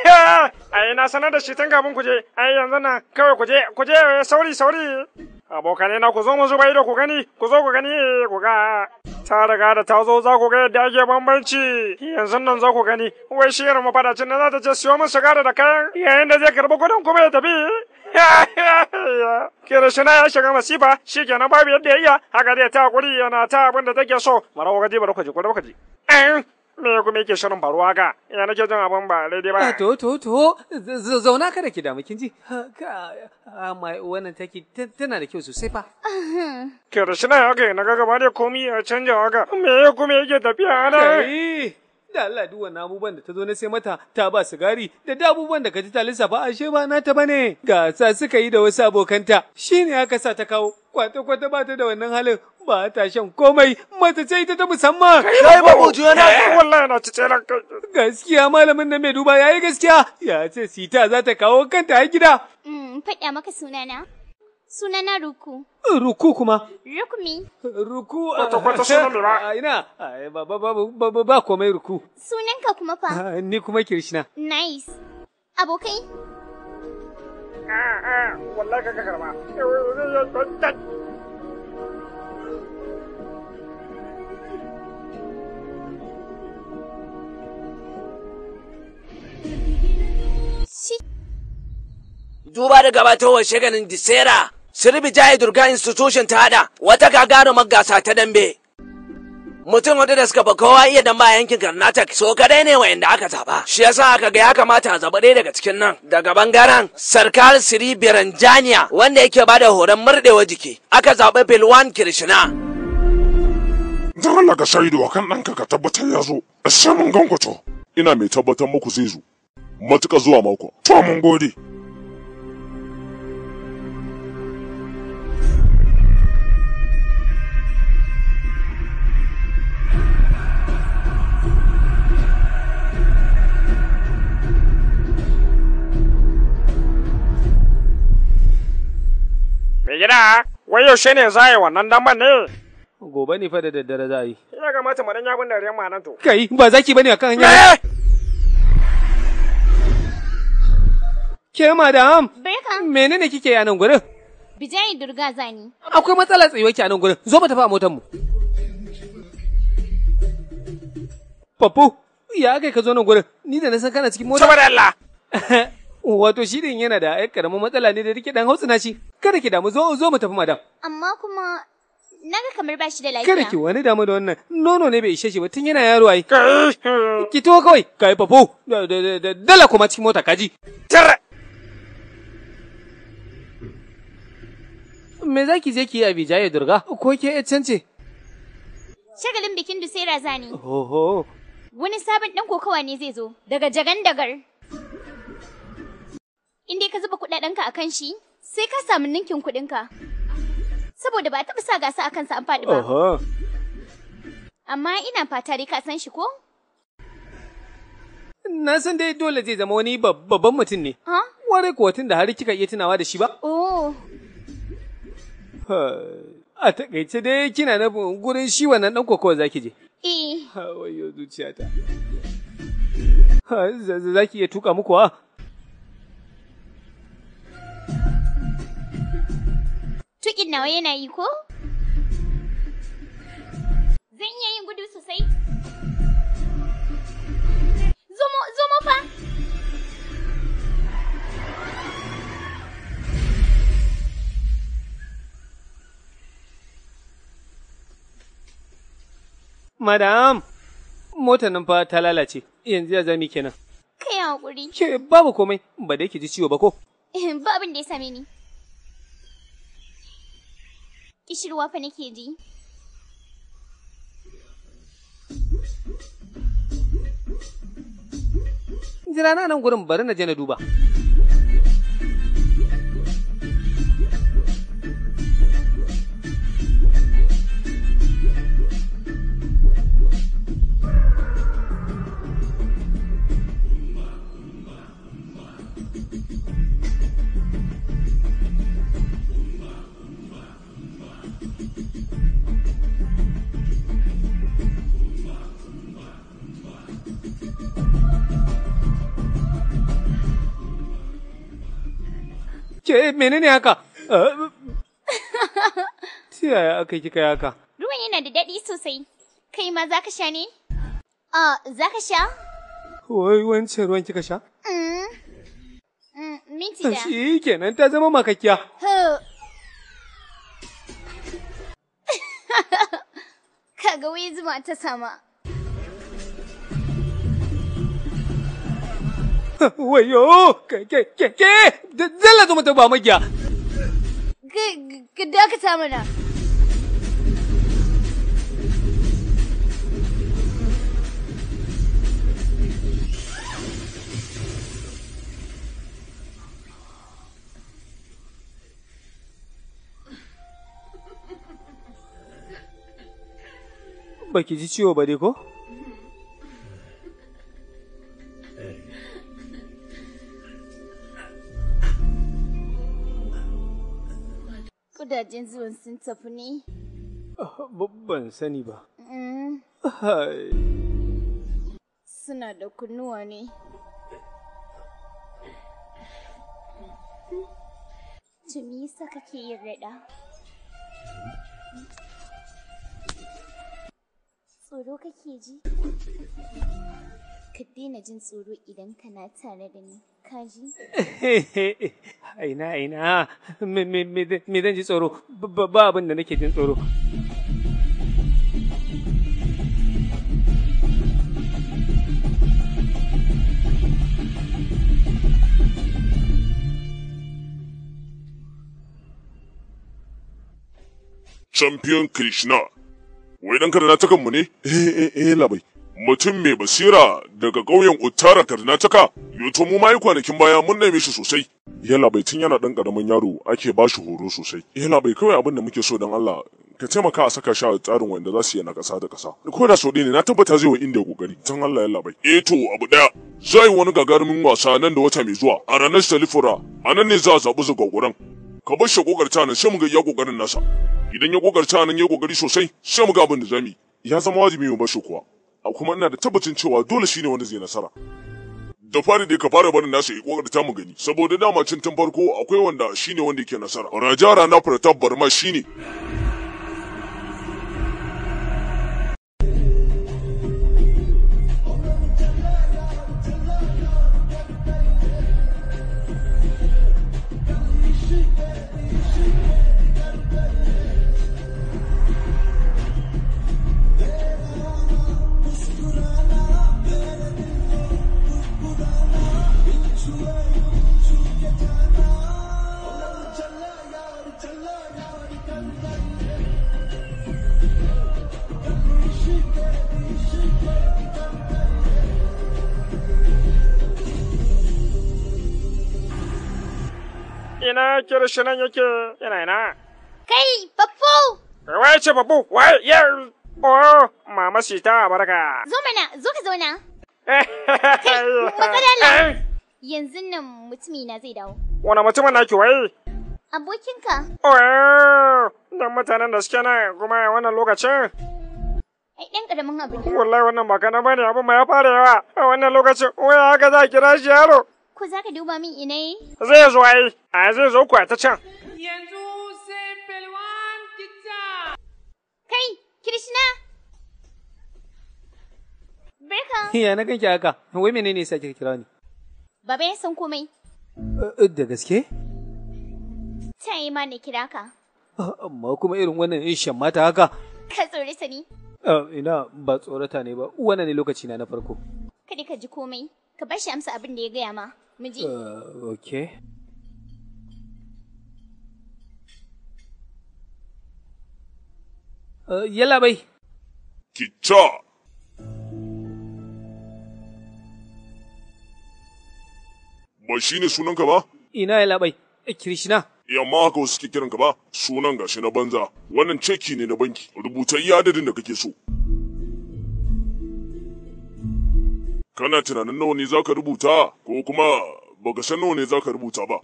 Ai na sanar da shi tun kafin ku je. Ai yanzu nan kawai ku je ku je eh, sauri sauri. Abokane na ku zo mu zuba ido ku gani, ku zo ku gani ku ga. Ta riga da ta zo za ku ga yadda ake bambanci. Yanzu nan za ku gani, wai shi yana mafadacin nan za ta ce siyo min sigara da kayan yayin da zai karɓi kuɗin kuma ya tafi. na ya shiga masifa shi kenan babu yadda ya iya haka zai ta kuri yana ta abin da take so mara wakaji bari kwaji, kwaji kwaji. ku me eh, me kuma yake shirin faruwa ga ina nake jin abin ba daidai ba ah, to to to zauna kada ki damu kin ji amma wannan take tana da kyau sosai fa kirishina ya ga na ga gaba da komi a canja haka me ya kuma yake tafiya ana da Allah duk wannan abubuwan da ta zo na sai mata ta ba sigari da da abubuwan da ka ji ta lissafa ashe ba nata bane ga sa suka yi da wasu abokanta shine aka sa ta kawo kwata kwata ba ta da wannan halin ba ta shan komai mata ce ita ta musamman kai ba buju yana wallahi na ci gaskiya malamin nan mai duba yayi gaskiya ya ce sita za ta kawo kanta a gida mm, faɗa maka sunana Sunana Ruku. Ruku kuma? Rukmi. Ruku. Kwata-kwata ah, suna lura. Ah, ina, ah, ba, ba, ba, ba, komai Ruku. Sunanka kuma fa? Ni kuma Kirishina. Nice. Abokai? Duba da gabatowar shaganin Disera. sirbi Jai durga institution ta haɗa. wata gagarumar gasa ta dambe mutum wanda da suka ba kowa iya dan ba yankin Karnatak. so kadai ne wayanda aka zaba shi yasa aka ga ya kamata a zaba ɗaya daga cikin nan daga bangaren Sarkar Sri Biranjaniya wanda yake ba da horon murdewa jiki aka zaba Filwan Kirishina. Dole ka shaidu kan ɗanka ka tabbatar ya zo Ashe mun ganku ina mai tabbatar muku zai zo matuƙa zuwa mako to mun gode Me gida, wai shi ne za a yi wannan damban ne? Gobe ne fa da daddare za a yi. ina kamata mu dan yabun da ma nan to. Kai, ba zaki bane akan hanya. Ke madam? Bekan. Menene kike a nan gurin? Bijayi Durga zani. Akwai matsala tsayuwa ki a nan gurin. Zo mu tafi a motar mu. Papu, ya kai ka zo nan gurin? Ni da na san kana cikin mota. Saboda Allah. Wato shi din yana da ai karamin matsala ne da rike dan hausa na shi. Kada ki damu zo zo mu tafi madam. Amma kuma naga kamar ba shi da lafiya. Kada ki wani damu da wannan. Nono ne bai ishe shi ba tun yana yaro ai. Ki to kawai kai fafo. Dala kuma cikin mota kaji. Tara. Me za ki je ki yi a Bijaye Durga? Ko ke can ce? Shagalin bikin Dusaira razani. Oho. Wani sabon ɗan kokawa ne zai zo daga jagan dagar. in dai ka zuba kuɗaɗenka a kan shi sai ka samu ninkin kuɗinka. Saboda ba a taɓa sa gasa a kansa an faɗi ba. Amma ina fata dai ka san shi ko? Na san dai dole zai zama wani babban mutum ne. Warai kuwa tun da har kika iya tunawa da shi ba? Oh. A takaice dai kina na gurin shi wannan ɗan kokowa za ki je. Eh. Wayo zuciyata. Za ki iya tuka muku wa? Tukin nawa yana yi ko? Zan iya yin gudu sosai? Zomo, zomo fa! Madam, Mota nan fa ta lalace, yanzu ya zami kenan. Kai haƙuri. Ke babu komai, ba da ki ji ciwo ba ko? Babin da ya same ni. Kishirwa fa nake ji. Jira na nan gurin bari na je na duba. Ke eh, menene haka? Eh, ta yaya aka yi kika haka? Ruwan yana da daɗi sosai. Kai ma za ka sha ne? Ah, za ka sha? Wai wancan ruwan kika sha? Mm. Mm, minti da. Shi kenan ta zama makakkiya. Kaga wai zuma ta sama. Wayo, ke, ke, ke, zalla zo mata ba magiya. Ka dakata mana. Baki ji ciwo ba dai Ƙudajen zuwan sun tafi ne? Babban sani ba. Mm. Suna da kunnuwa ne. Tumi yasa kake yin raɗa? Tsoro kake ji? ka dina jin tsoro idan kana tare da ni kaji aina aina me zan ji tsoro ba abin da nake jin tsoro Champion Krishna, wai ɗan kada na mu ne? Eh, eh, eh, labai. mutum mai basira daga ƙauyen Uttara Karnataka, yoto mu mai kwanakin baya mun neme shi sosai. Yala bai tun yana ɗan ƙaramin yaro ake ba shi horo sosai. Yala bai kawai abin da muke so don Allah ka taimaka a saka shi a tsarin wanda za su yi na ƙasa da ƙasa. Ko da sau ne na tabbata zai wa inda kokari tun Allah yalla bai. Eh to abu ɗaya za yi wani gagarumin wasa nan da wata mai zuwa a ranar Salifura a nan ne za a zaɓi zagwagwuran. Ka bar shi kokarta nan sai mu ga iya kokarin nasa. Idan ya kokarta nan ya kokari sosai sai mu ga abin da zamu yi. Ya zama wajibi mu bar shi kuwa. kuma ina da tabbacin cewa dole shine wanda zai nasara da fari da ka fara barin nasu iko da tamu gani saboda dama cin tun farko akwai wanda shine wanda yake nasara raja rana fara tabbar ma shine shi nan yake yana yana. Kai, babu! Waye ce babu? Waye yar? Oh, mama sita barka. Zo mana, zo ka zauna. Kai, matsala Yanzu nan mutumi na zai dawo. Wani mutumin naki wai? Abokinka. Oh, dan mutanen da suke nan kuma wannan lokacin. Ai ɗan ƙaramin abin. Wallahi wannan ba kana bane abin ma ya fara yawa. A wannan lokacin, wai haka za a kira shi yaro. ko za ka duba min ina yi? Zai zo yi, a zai zo a ta can. Yanzu sai Pelwan kita. Kai, Krishna! Barka. Ya na ganke haka, wai mene ne sake kira ni? Baba ya san komai. Eh, eh, da gaske? Ta yi ma ne kira ka. Ah, amma kuma irin wannan shan mata haka. Ka tsori sani. Ah, ina ba tsorata ne ba, wannan ne lokaci na na farko. Kada ka ji komai. Ka bar shi amsa abin da ya gaya ma, mu Uh, Okay. Uh, yalla bai. Kita. Ba shi ne sunanka ba? Ina yalla bai, eh, Krishna. Yamma haka wasu suke ka ba, sunan gashi na banza. Wannan ceki ne na banki, rubuta iya adadin da kake so. kana tunanin nawa ne za ka rubuta ko kuma baka san nawa ne za ka rubuta ba.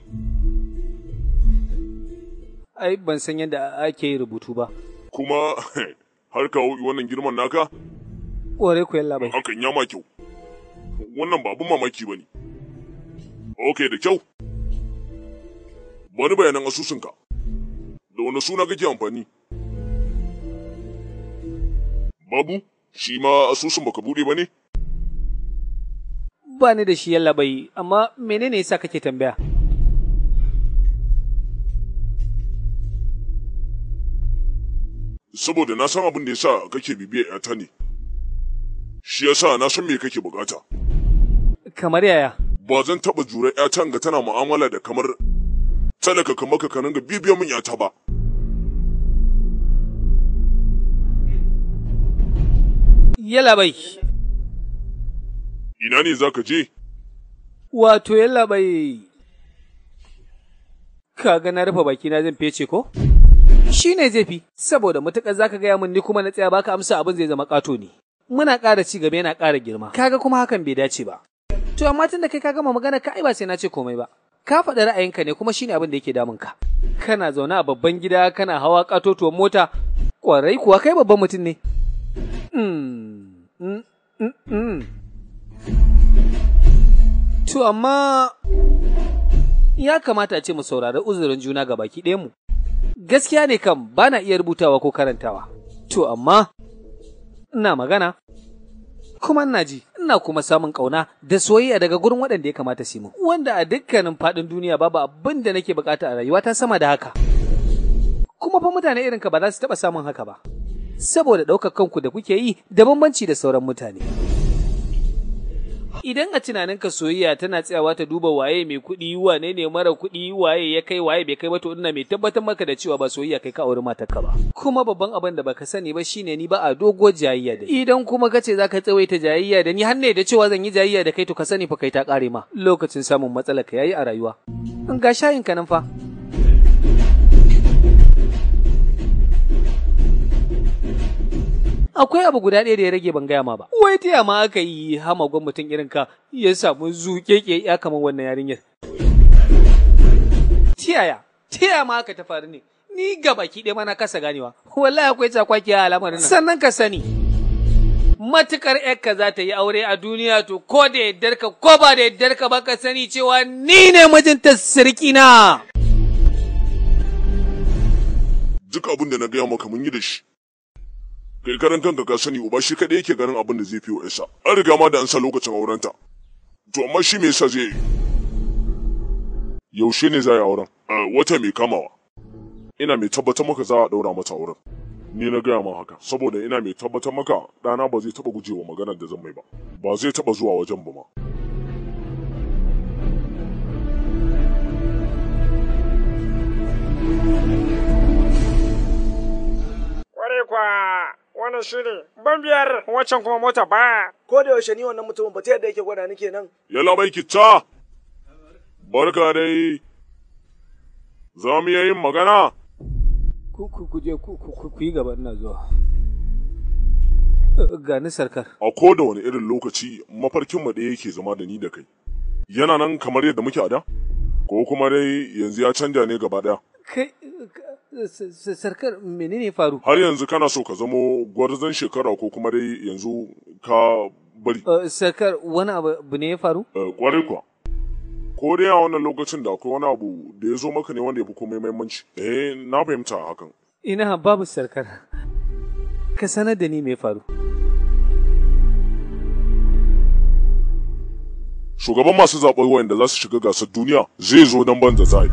Ai, ban san yadda ake rubutu ba. Kuma har kawo wannan girman naka? Ware ku yalla bai. Hakan ya kyau. Wannan ba abun mamaki ba ne. Ok, da kyau. Bani bayanan asusunka. Da wani suna kake amfani? Babu, shi ma asusun baka buɗe ba ne? ba ni da shi yallaɓai, amma menene yasa kake tambaya? Saboda na san abin da yasa kake bibiya ‘yata ne, shi yasa na san me kake bukata. Kamar yaya? Ba zan taɓa jura ‘yata ga tana mu'amala da kamar talaka kamar ka kanin ga bibiya min ‘yata ba. bai ina ne za ka je? Wato, yalla bai, ka ga na rufe bakina zan fece ko? Shi ne zai fi, saboda matuƙar za ka gaya min ni kuma na tsaya baka amsa abin zai zama ƙato ne. Muna ƙara ci gaba yana ƙara girma, kaga kuma hakan bai dace ba. To, amma tun da kai ka gama magana ka ba sai na ce komai ba. Ka faɗi ra'ayinka ne kuma shine abin da yake damun ka. Kana zaune a babban gida kana hawa ƙatotuwar mota, ƙwarai kuwa kai babban mutum ne. Mm, mm, mm, mm. To amma ya kamata a ce mu saurari uzurin juna ga baki ɗayanmu. Gaskiya ne kam ba na iya rubutawa ko karantawa. To amma ina magana kuma ina ji ina kuma samun ƙauna da soyayya daga gurin waɗanda ya kamata su mu wanda a dukkanin faɗin duniya babu abin da nake bukata a rayuwa ta sama da haka. Kuma fa mutane irin ka ba za su taɓa samun haka ba. Saboda ɗaukar kanku da kuke yi da bambanci da sauran mutane. Idan a tunanin ka soyayya tana tsayawa ta duba waye mai kuɗi wane ne mara kuɗi waye ya kai waye bai kai ba to ina mai tabbatar maka da cewa ba soyayya kai ka auri ka ba. Kuma babban abin da baka sani ba shine ni ba a dogo jayayya da Idan kuma kace zaka tsawaita jayayya da ni har ne da cewa zan yi jayayya da kai to ka sani fa kai ta kare ma. Lokacin samun matsala ka yayi a rayuwa. Ga shayin ka nan fa. akwai abu guda ɗaya da ya rage ban gaya ma ba. Wai ta ma aka yi hamagon mutum irin ka ya samu ke ya kamar wannan yarinyar. Tiyaya, tiyaya ma aka ta faru ne, ni ga baki ɗaya mana kasa ganewa, wallahi akwai cakwaki a lamarin nan. Sannan ka sani, matukar ‘yarka za ta yi aure a duniya to ko da yaddar ka ko ba da yaddar ka ba ka sani cewa ni ne mijinta sirkina. Duk abin da na gaya maka mun yi da shi. kai karan kanka ka sani uba shi kaɗai yake garin abin da zai wa yasa an riga ma da an sa lokacin aurenta to amma shi me yasa zai yi yaushe ne za yi auren wata mai kamawa ina mai tabbatar maka za a ɗaura mata auren ni na gaya ma haka saboda ina mai tabbatar maka ɗana ba zai taɓa gujewa maganar da zan mai ba ba zai taɓa zuwa wajen ba ma Kwarai wannan ne ban biyar wancan kuma mota ba. Ko da yaushe ni wannan mutumin ba ta yadda yake gwada ni kenan. Yalla bai ta. Barka dai. Za mu iya yin magana? Ku ku ku je ku ku ku yi gaba ina zuwa. Ga ni sarkar. A ko da wani irin lokaci mafarkin mu da yake zama da ni da kai. Yana nan kamar yadda muke a da? Ko kuma dai yanzu ya canja ne gaba daya? Kai sarkar menene faru har yanzu kana so ka zamo gwarzon shekara ko kuma dai yanzu ka bari eh, sarkar wani abu ne ya faru eh, kwarai kuwa ko dai a wannan lokacin da akwai wani abu da ya zo maka ne wanda ya fi komai muhimmanci eh na fahimta hakan ina babu sarkar ka sanar da ni me faru shugaban masu zaɓar wayan da za su shiga gasar duniya zai zo don ban da zai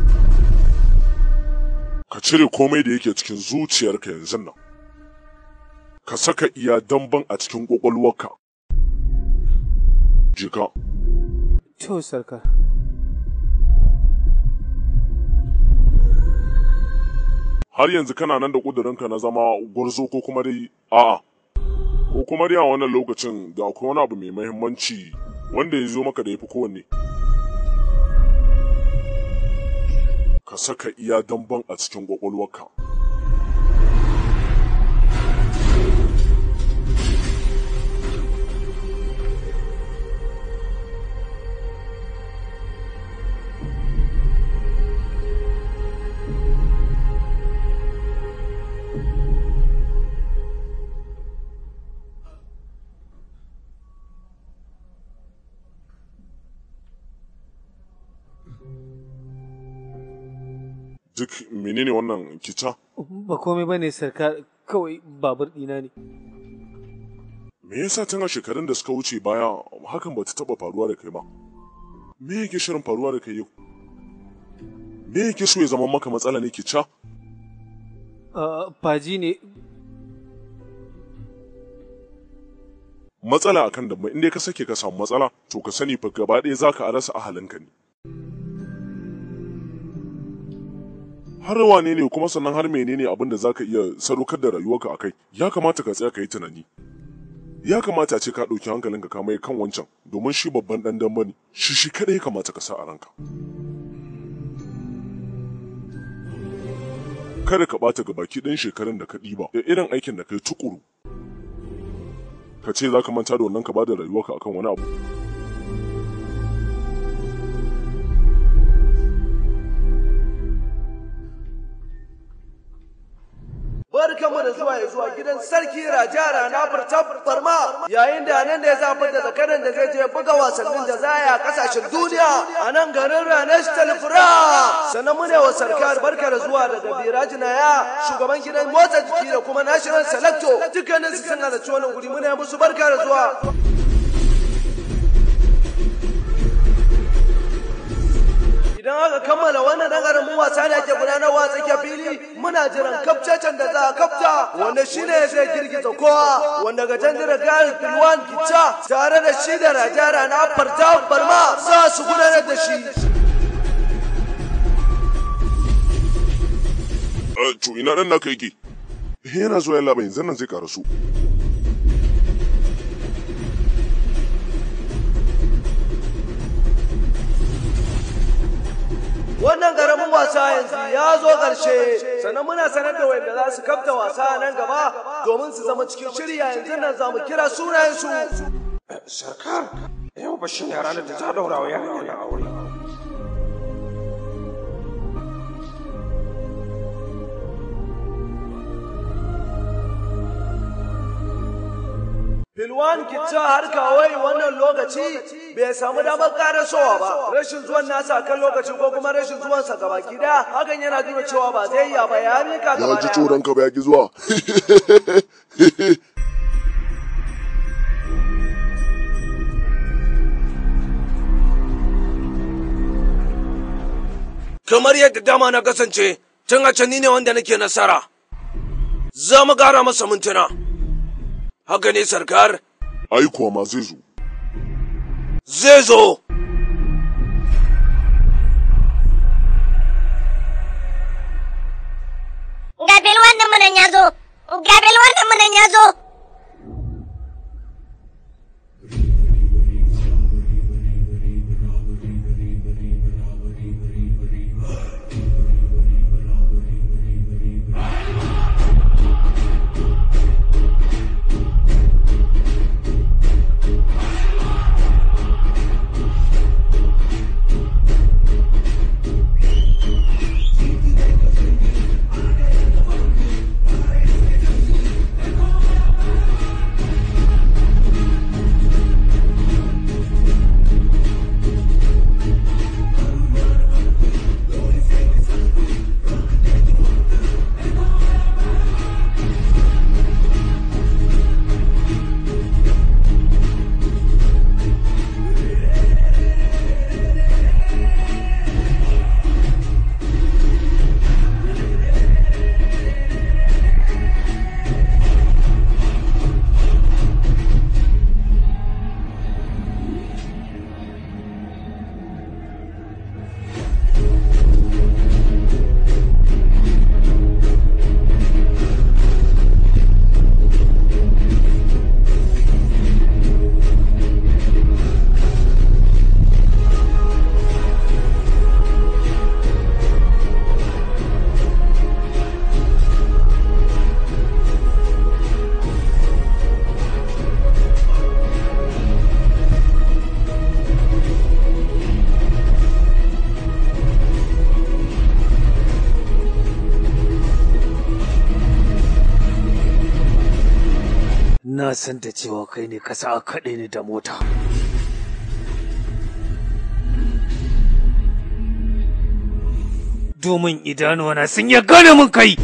ka cire komai da yake cikin zuciyarka yanzu nan ka saka iya damban a cikin ƙwaƙwalwarka jika to sarka har yanzu kana nan da ƙudurinka na zama gwarzo ko kuma dai a'a ko kuma dai a wannan lokacin da akwai wani abu mai muhimmanci wanda ya zo maka da ya fi kowanne ka saka iya damban a cikin ka. duk menene wannan kica? Ba komai ba ne sarka kawai babur ɗina ne. Me yasa tun a shekarun da suka wuce baya hakan ba ta taɓa faruwa da kai ba? Me yake shirin faruwa da kai yau? Me yake so ya zama maka matsala ne kica? Faji ne matsala akan dabba in dai ka sake ka samu matsala to ka sani fa gaba ɗaya za ka rasa ahalinka ne har wane ne kuma sannan har menene abin da zaka iya sadaukar da rayuwarka akai ya kamata ka tsaya ka yi tunani ya kamata ce ka ɗauki hankalinka ka mai kan wancan domin shi babban ɗan dan bane shi shi kaɗai kamata ka sa a ranka kada ka bata ga baki ɗin shekarun da ka ɗiba da irin aikin da kai tukuru ka ce za ka manta da wannan ka ba da rayuwarka akan wani abu barkamu da zuwa ya zuwa gidan sarki raja rana furtar farma yayin da nan da ya zafi da zakaran da zai je buga wasannin da za a kasashen duniya a nan garin ranar talfura sannan mune wa sarkar barka da zuwa daga biraji na ya shugaban gidan motsa jiki da kuma national selecto dukkanin su sun halarci wannan guri mune musu barka da zuwa. idan aka kammala wannan nagarin wasa ne ake gudanarwa tsakiyar fili muna jiran kafcacen da za a kafta wanda shine zai girgiza kowa wanda ga jandira gari filwan gica tare da shi da rajara na farta barma za su gudanar da shi eh, to ina nan na kai ki yana zuwa yalla bai zan nan zai karasu wannan garamin wasa yanzu ya zo ƙarshe sannan muna sanar da wanda za su kafta wasa nan gaba domin su zama cikin shirya yanzu nan za mu kira sunayensu. Sarkar, yau ba shi ne ranar da ta daura wa yarinya na aure. Filwan kicci har kawai wannan lokaci bai samu damar karasowa ba, rashin zuwan nasa kan lokaci ko kuma rashin zuwansa gaba gida hakan yana nuna cewa ba zai iya ba ya gaba Ya ji tsoron ka ba ya zuwa. Kamar yadda dama na kasance, tun a can ni ne wanda nake nasara. Za mu gara masa mintuna. haka ne sarkar? Ai kuwa ma zai zo. Zai zo! Ga belwan ya zo! ya zo! san da cewa kai ne ka sa kaɗe ni da mota. Domin idanuwa na sun ya gane mun kai!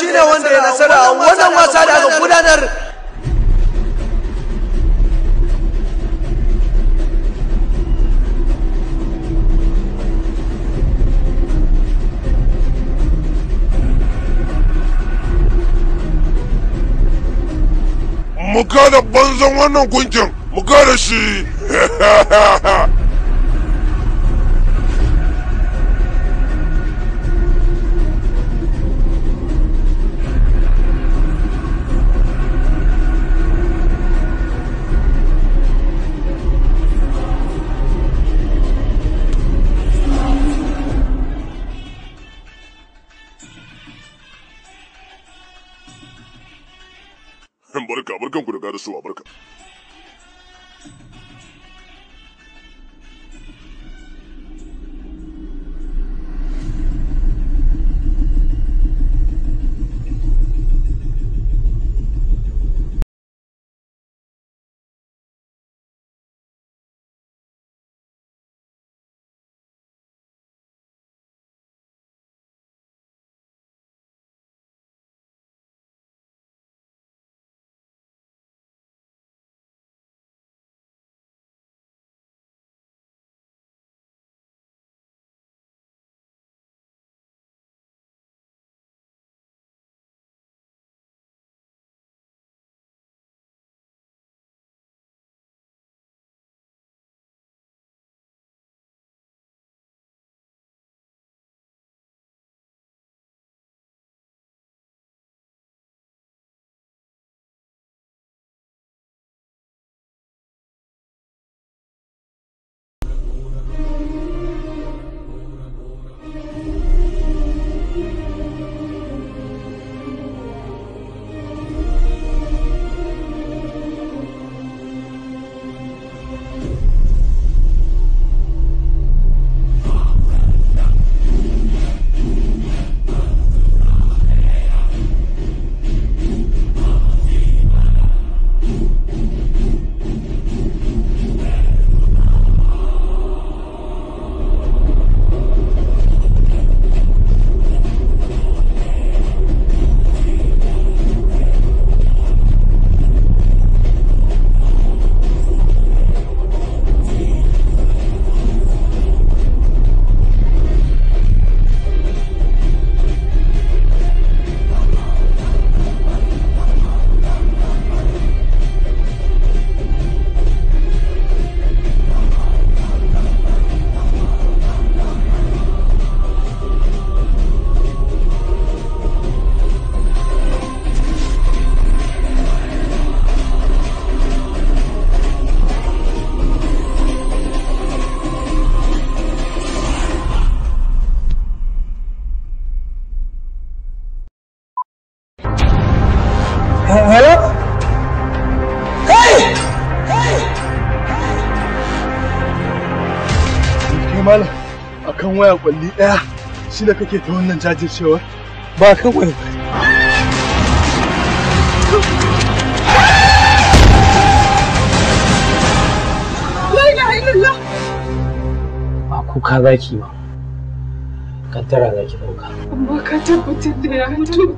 shine wanda ya nasara wannan wasa da aka gudanar mu kada banzan wannan gunkin mu kada shi waya kwalli ɗaya shi da kake ta wannan jajircewar ba kawai ba ba kuka zaki ba kantara zaki ɗauka amma ka tabbatar da ya mutu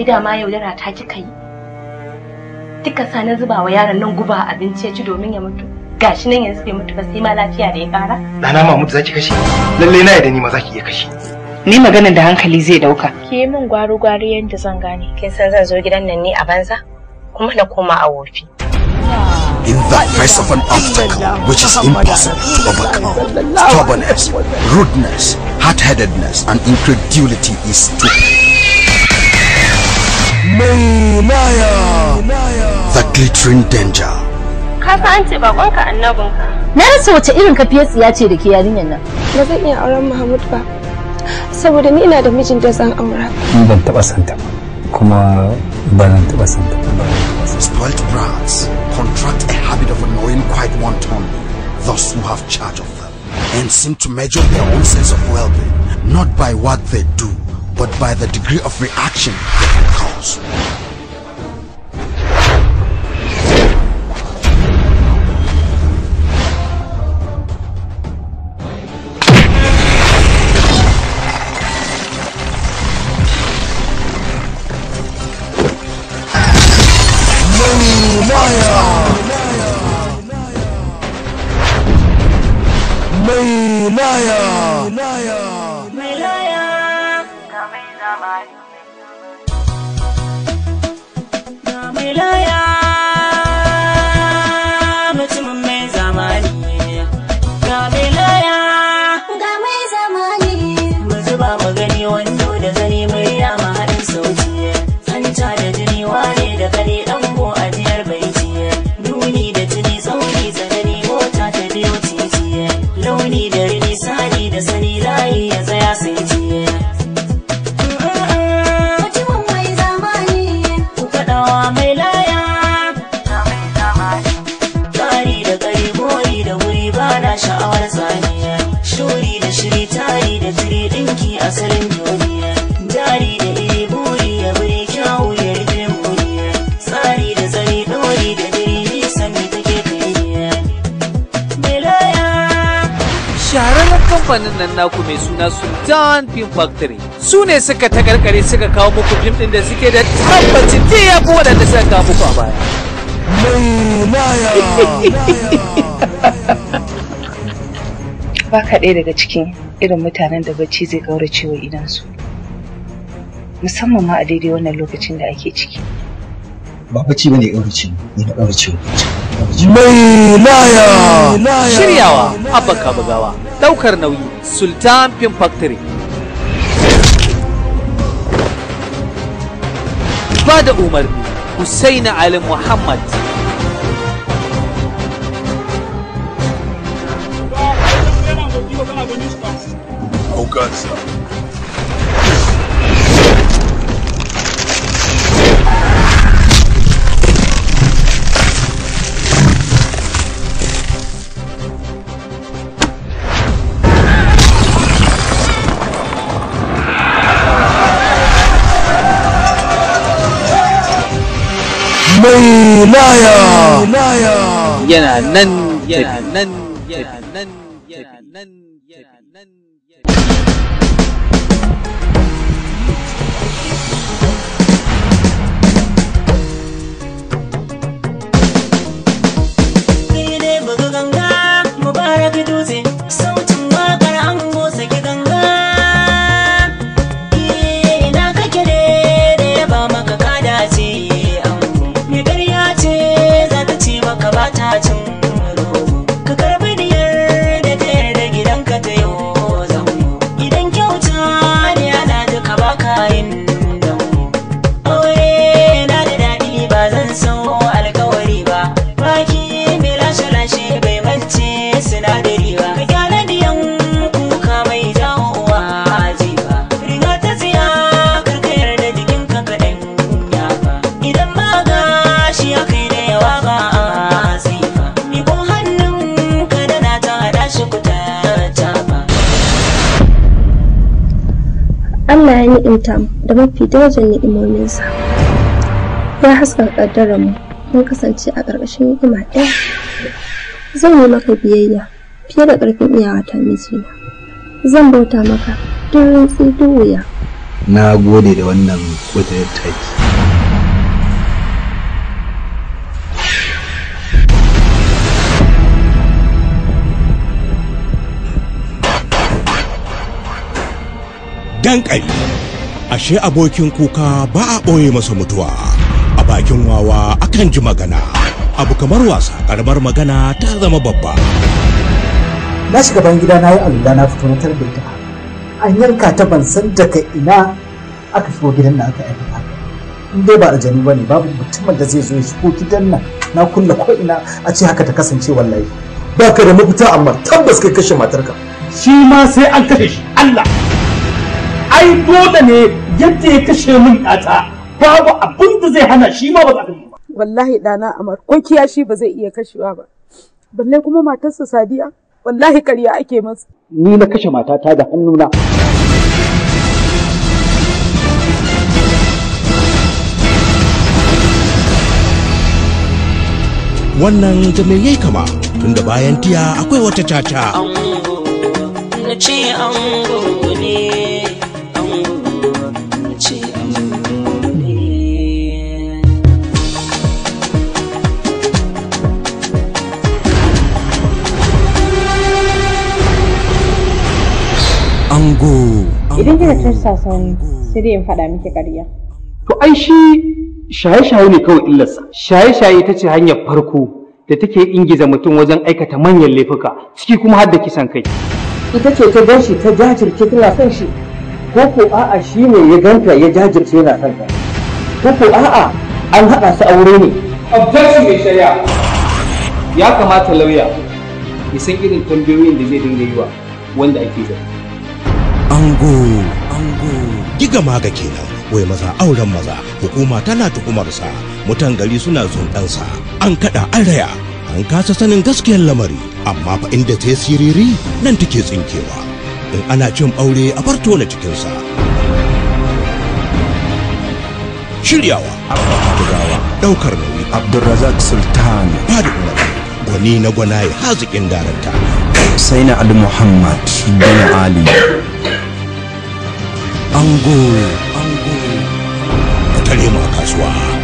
da ma yaudara ta kika yi kika sa na zuba wa yaron nan guba a abinci ya ci domin ya mutu gashi nan yanzu bai mutu ba sai ma lafiya da ya kara dana ma mutu zaki kashe lalle na yadda ni ma zaki iya kashe ni maganin da hankali zai dauka ki yi min gwaro gwaro yadda zan gane kin san zan zo gidan nan ne a banza kuma na koma a wofi In the face of an obstacle which is impossible to overcome, stubbornness, rudeness, hard-headedness, and incredulity is stupid. the glittering danger. Ka bakonka annabinka. Na rasa wace irin kafiyar ya ce da ke yarinyar nan. Ba zan iya auren Mahmud ba. Saboda ni ina da mijin da zan aura. Ni ban taɓa santa ba. Kuma ban taɓa santa ba. spoilt brats contract a habit of annoying quite wantonly thus who have charge of them and seem to measure their own sense of well-being not by what they do but by the degree of reaction they can cause. kamfanin nan naku mai suna Sultan Film Factory. Su ne suka takarkare suka kawo muku fim ɗin da suke da tabbacin da ya fi waɗanda suka kawo muku a baya. Ba ka ɗaya daga cikin irin mutanen da bacci zai kaurace wa idansu. Musamman ma a daidai wannan lokacin da ake ciki. Ba bacci ba ne kaurace ne na kaurace wa. Mai laya! Shiryawa, abba ka bugawa. daukar nauyi sultan pin factory bada da umarni Hussaini Ali Muhammad mai laya yana nan tafi dajin ni'imominsa ya haska ƙaddararmu mun kasance a ƙarƙashin ni'ima ɗaya zan yi maka biyayya fiye da ƙarfin iyawata mijina zan bauta maka don rantsi duwuya wuya na gode da wannan ƙudurin taki ashe abokin kuka ba a ɓoye masa mutuwa a bakin wawa akan ji magana abu kamar wasa karamar magana ta zama babba na shiga bayan gida na yi alula na fito na tarbe an yanka ta ban san daga ina aka shigo gidan na aka aika haka in dai ba aljanu ba ne babu mutumin da zai zo ya shigo gidan nan na kulle ko ina a ce haka ta kasance wallahi baka da mafita amma tabbas kai kashe matarka shi ma sai an kashe shi Allah ai dole ne yadda ya kashe min ɗata babu abin da zai hana shi ma ba za ta yi ba. Wallahi ɗana Amar ko kiyashi ba zai iya kashewa ba. Balle kuma matarsa Sadiya wallahi karya ake masa. Ni na kashe matata da hannuna. Wannan ta me yai kama tunda bayan tiya akwai wata caca. Ango, na ce ango. Ango. Idan kika cin ni, sai dai in faɗa miki ƙarya. To ai shi shaye-shaye ne kawai illarsa. Shaye-shaye ita ce hanyar farko da take ingiza mutum wajen aikata manyan laifuka, ciki kuma har da kisan kai. Ita ce ta gan shi ta jajirce tana son shi, ko ko a'a shi ne ya ganta ya jajirce yana son ta. Ko ko a'a an haɗa su aure ne. Objection mai shari'a. Ya kamata lauya ya san irin tambayoyin da zai dinga yi wa wanda ake zargi. ango ango giga maga kenan wai maza auren maza hukuma tana tukumarsa mutan gari suna ɗansa. an kada an raya an kasa sanin gaskiyar lamari amma fa inda ta siriri nan take tsinkewa in ana cin aure a farto na sa shiryawa abdurrawa daukar nauyi abdurrazak sultan fadi umar gwani na gwanaye hazikin daranta sai na ali muhammad bin ali Angul. Angul. Ka kasuwa.